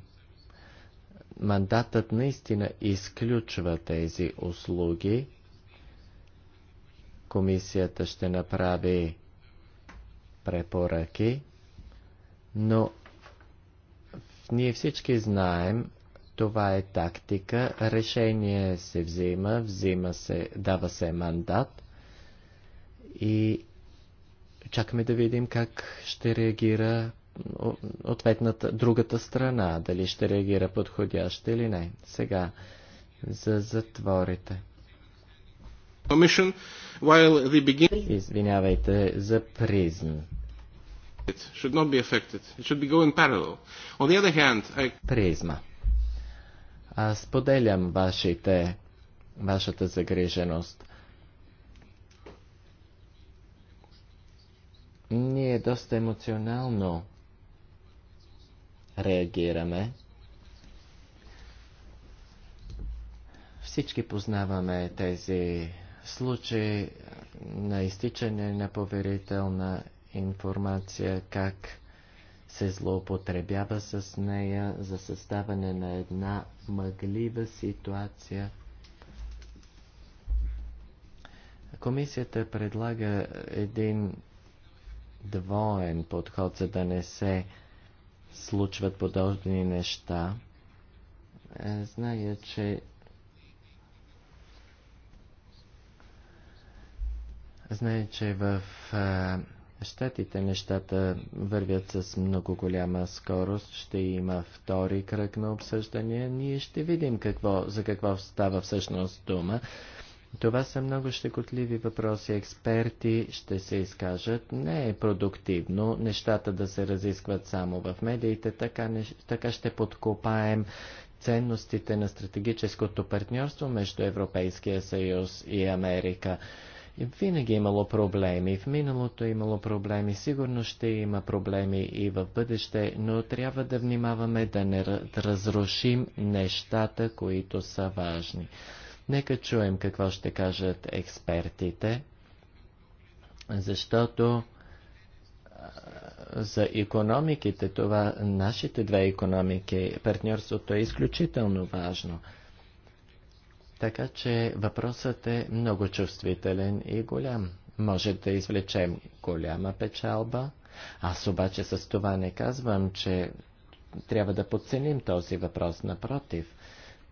Мандатът наистина изключва тези услуги. Комисията ще направи препоръки, но ние всички знаем, това е тактика, решение се взима, взима се, дава се мандат и чакаме да видим как ще реагира ответната, другата страна, дали ще реагира подходящо или не. Сега, за затворите. Извинявайте, за призм. Призма. Аз поделям вашите, вашата загриженост. Ние доста емоционално реагираме. Всички познаваме тези случаи на изтичане на поверителна информация, как се злоупотребява с нея за съставане на една мъглива ситуация. Комисията предлага един двоен подход, за да не се случват подобни неща. Е, зная, че Знае, че в Штатите е, нещата вървят с много голяма скорост. Ще има втори кръг на обсъждане. Ние ще видим какво, за какво става всъщност дума. Това са много щекотливи въпроси. Експерти ще се изкажат. Не е продуктивно нещата да се разискват само в медиите. Така, не, така ще подкопаем ценностите на стратегическото партньорство между Европейския съюз и Америка. Винаги е имало проблеми, в миналото е имало проблеми, сигурно ще има проблеми и в бъдеще, но трябва да внимаваме да не разрушим нещата, които са важни. Нека чуем какво ще кажат експертите, защото за економиките, това, нашите две економики, партньорството е изключително важно. Така че въпросът е много чувствителен и голям. Може да извлечем голяма печалба. Аз обаче с това не казвам, че трябва да подценим този въпрос. Напротив,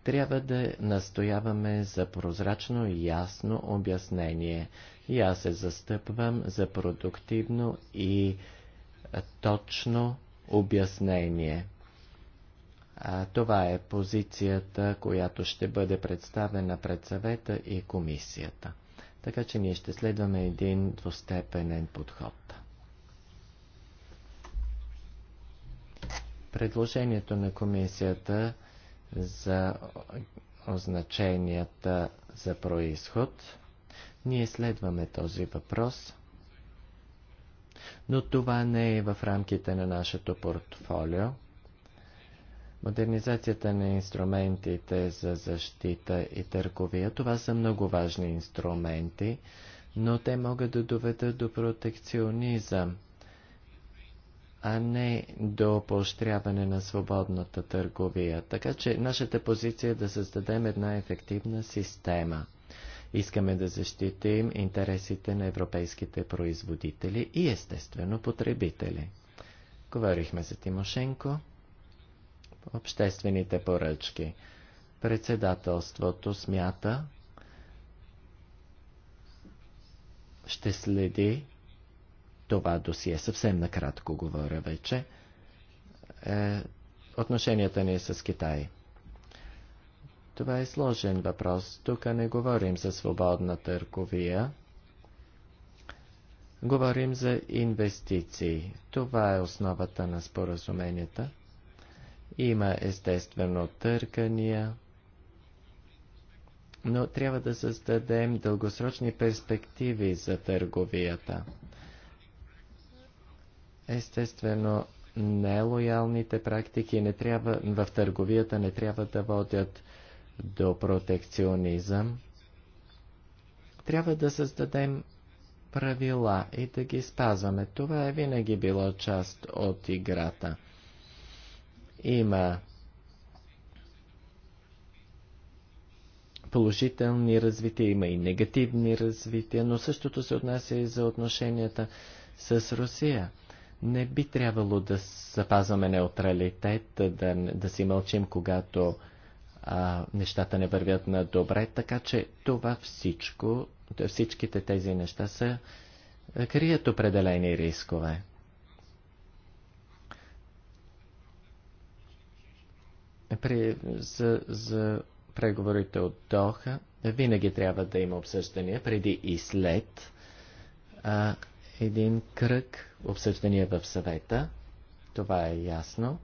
трябва да настояваме за прозрачно и ясно обяснение. И аз се застъпвам за продуктивно и точно обяснение. А, това е позицията, която ще бъде представена пред съвета и комисията. Така че ние ще следваме един двустепенен подход. Предложението на комисията за означенията за происход. Ние следваме този въпрос, но това не е в рамките на нашето портфолио. Модернизацията на инструментите за защита и търговия, това са много важни инструменти, но те могат да доведат до протекционизъм а не до поощряване на свободната търговия. Така че нашата позиция е да създадем една ефективна система. Искаме да защитим интересите на европейските производители и естествено потребители. Говорихме за Тимошенко, обществените поръчки. Председателството смята, ще следи това досие. Съвсем накратко говоря вече. Е, отношенията ни с Китай. Това е сложен въпрос. Тук не говорим за свободна търговия. Говорим за инвестиции. Това е основата на споразуменията. Има естествено търкания, но трябва да създадем дългосрочни перспективи за търговията. Естествено, нелоялните практики не трябва, в търговията не трябва да водят до протекционизъм. Трябва да създадем правила и да ги спазваме. Това е винаги било част от играта. Има положителни развития, има и негативни развития, но същото се отнася и за отношенията с Русия. Не би трябвало да запазваме неутралитет, да, да си мълчим, когато а, нещата не вървят на добре, така че това всичко, всичките тези неща са, е, крият определени рискове. При, за, за преговорите от Доха винаги трябва да има обсъждания преди и след а, един кръг обсъждания в съвета. Това е ясно.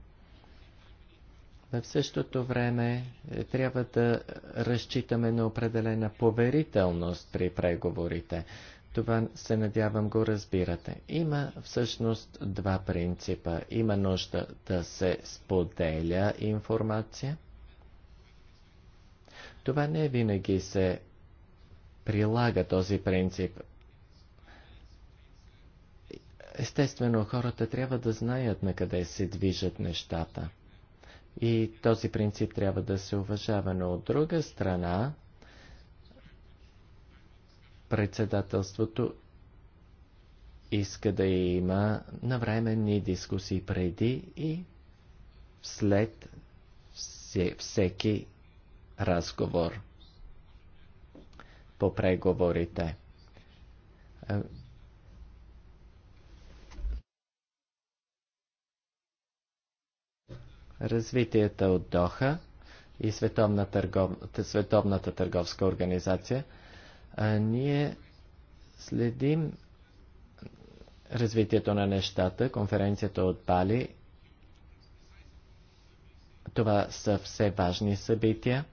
В същото време е, трябва да разчитаме на определена поверителност при преговорите. Това се надявам го разбирате. Има всъщност два принципа. Има нужда да се споделя информация. Това не винаги се прилага този принцип Естествено, хората трябва да знаят на къде се движат нещата. И този принцип трябва да се уважава, но от друга страна, председателството иска да има навременни дискусии преди и след всеки разговор по преговорите. Развитията от Доха и Световна търгов... Световната търговска организация, а ние следим развитието на нещата, конференцията от Бали. Това са все важни събития.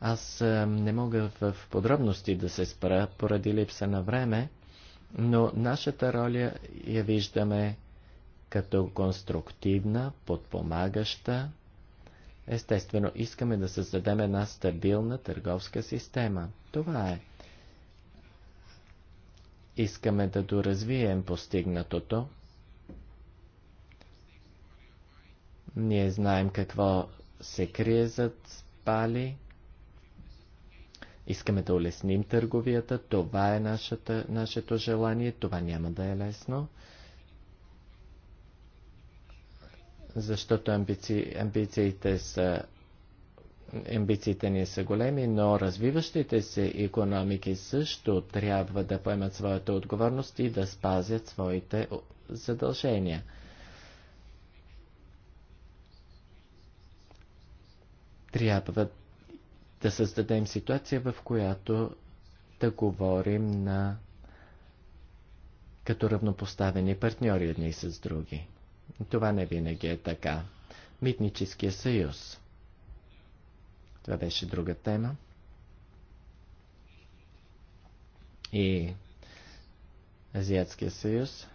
Аз не мога в подробности да се спра поради липса на време, но нашата роля я виждаме като конструктивна, подпомагаща. Естествено, искаме да създадем една стабилна търговска система. Това е. Искаме да доразвием постигнатото. Ние знаем какво се крие зад пали. Искаме да улесним търговията. Това е нашата, нашето желание. Това няма да е лесно. защото амбици, амбициите са амбициите ни са големи, но развиващите се економики също трябва да поемат своята отговорност и да спазят своите задължения. Трябва да създадем ситуация, в която да говорим на като равнопоставени партньори едни с други. Това не винаги е така. Митническия съюз. Това беше друга тема. И Азиатския съюз.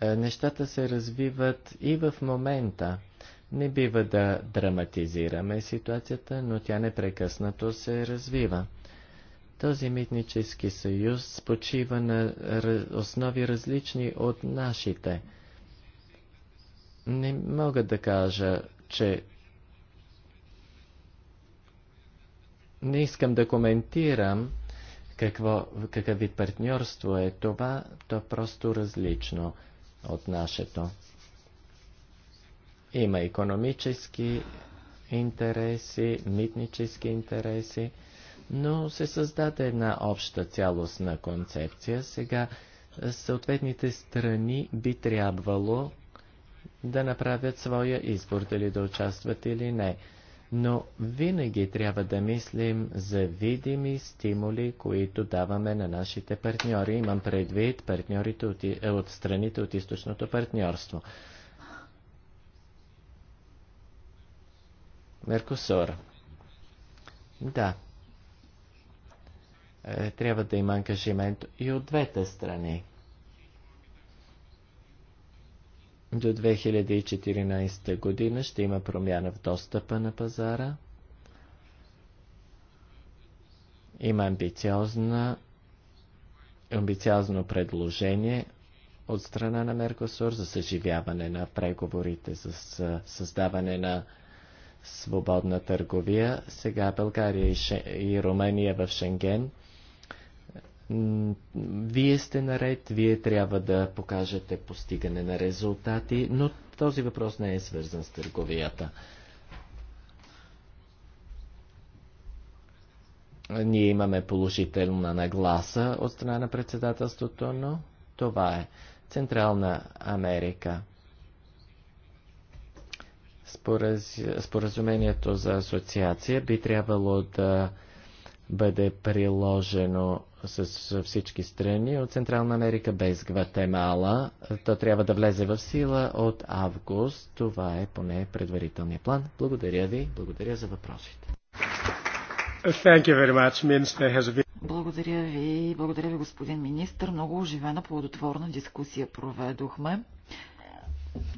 Е, нещата се развиват и в момента. Не бива да драматизираме ситуацията, но тя непрекъснато се развива. Този митнически съюз почива на основи различни от нашите – не мога да кажа, че не искам да коментирам какво, какъв вид партньорство е това, то е просто различно от нашето. Има економически интереси, митнически интереси, но се създаде една обща цялостна концепция. Сега съответните страни би трябвало да направят своя избор, дали да участват или не. Но винаги трябва да мислим за видими стимули, които даваме на нашите партньори. Имам предвид партньорите от, е, от страните от източното партньорство. Меркосор. Да. Е, трябва да има ангажимент и от двете страни. До 2014 година ще има промяна в достъпа на пазара. Има амбициозна, амбициозно предложение от страна на Меркосур за съживяване на преговорите за създаване на свободна търговия. Сега България и, Ше... и Румъния в Шенген – вие сте наред, вие трябва да покажете постигане на резултати, но този въпрос не е свързан с търговията. Ние имаме положителна нагласа от страна на председателството, но това е Централна Америка. Спораз... Споразумението за асоциация би трябвало да бъде приложено с всички страни от Централна Америка без Гватемала. То трябва да влезе в сила от август. Това е поне предварителният план. Благодаря ви. Благодаря за въпросите. Much, благодаря ви. Благодаря ви, господин министр. Много оживена, плодотворна дискусия проведохме.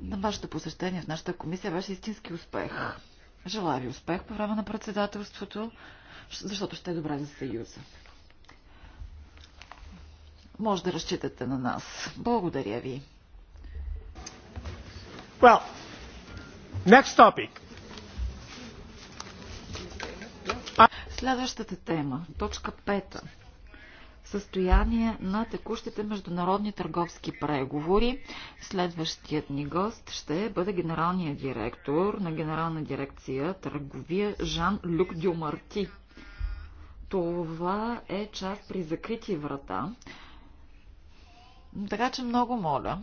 На вашето посещение в нашата комисия беше истински успех. Желая ви успех по време на председателството, защото ще е добре за Съюза. Може да разчитате на нас. Благодаря ви. Well, next topic. Следващата тема, точка 5. Състояние на текущите международни търговски преговори. Следващият ни гост ще бъде генералният директор на генерална дирекция търговия Жан-Люк Дюмарти. Това е част при закрити врата. Така че много моля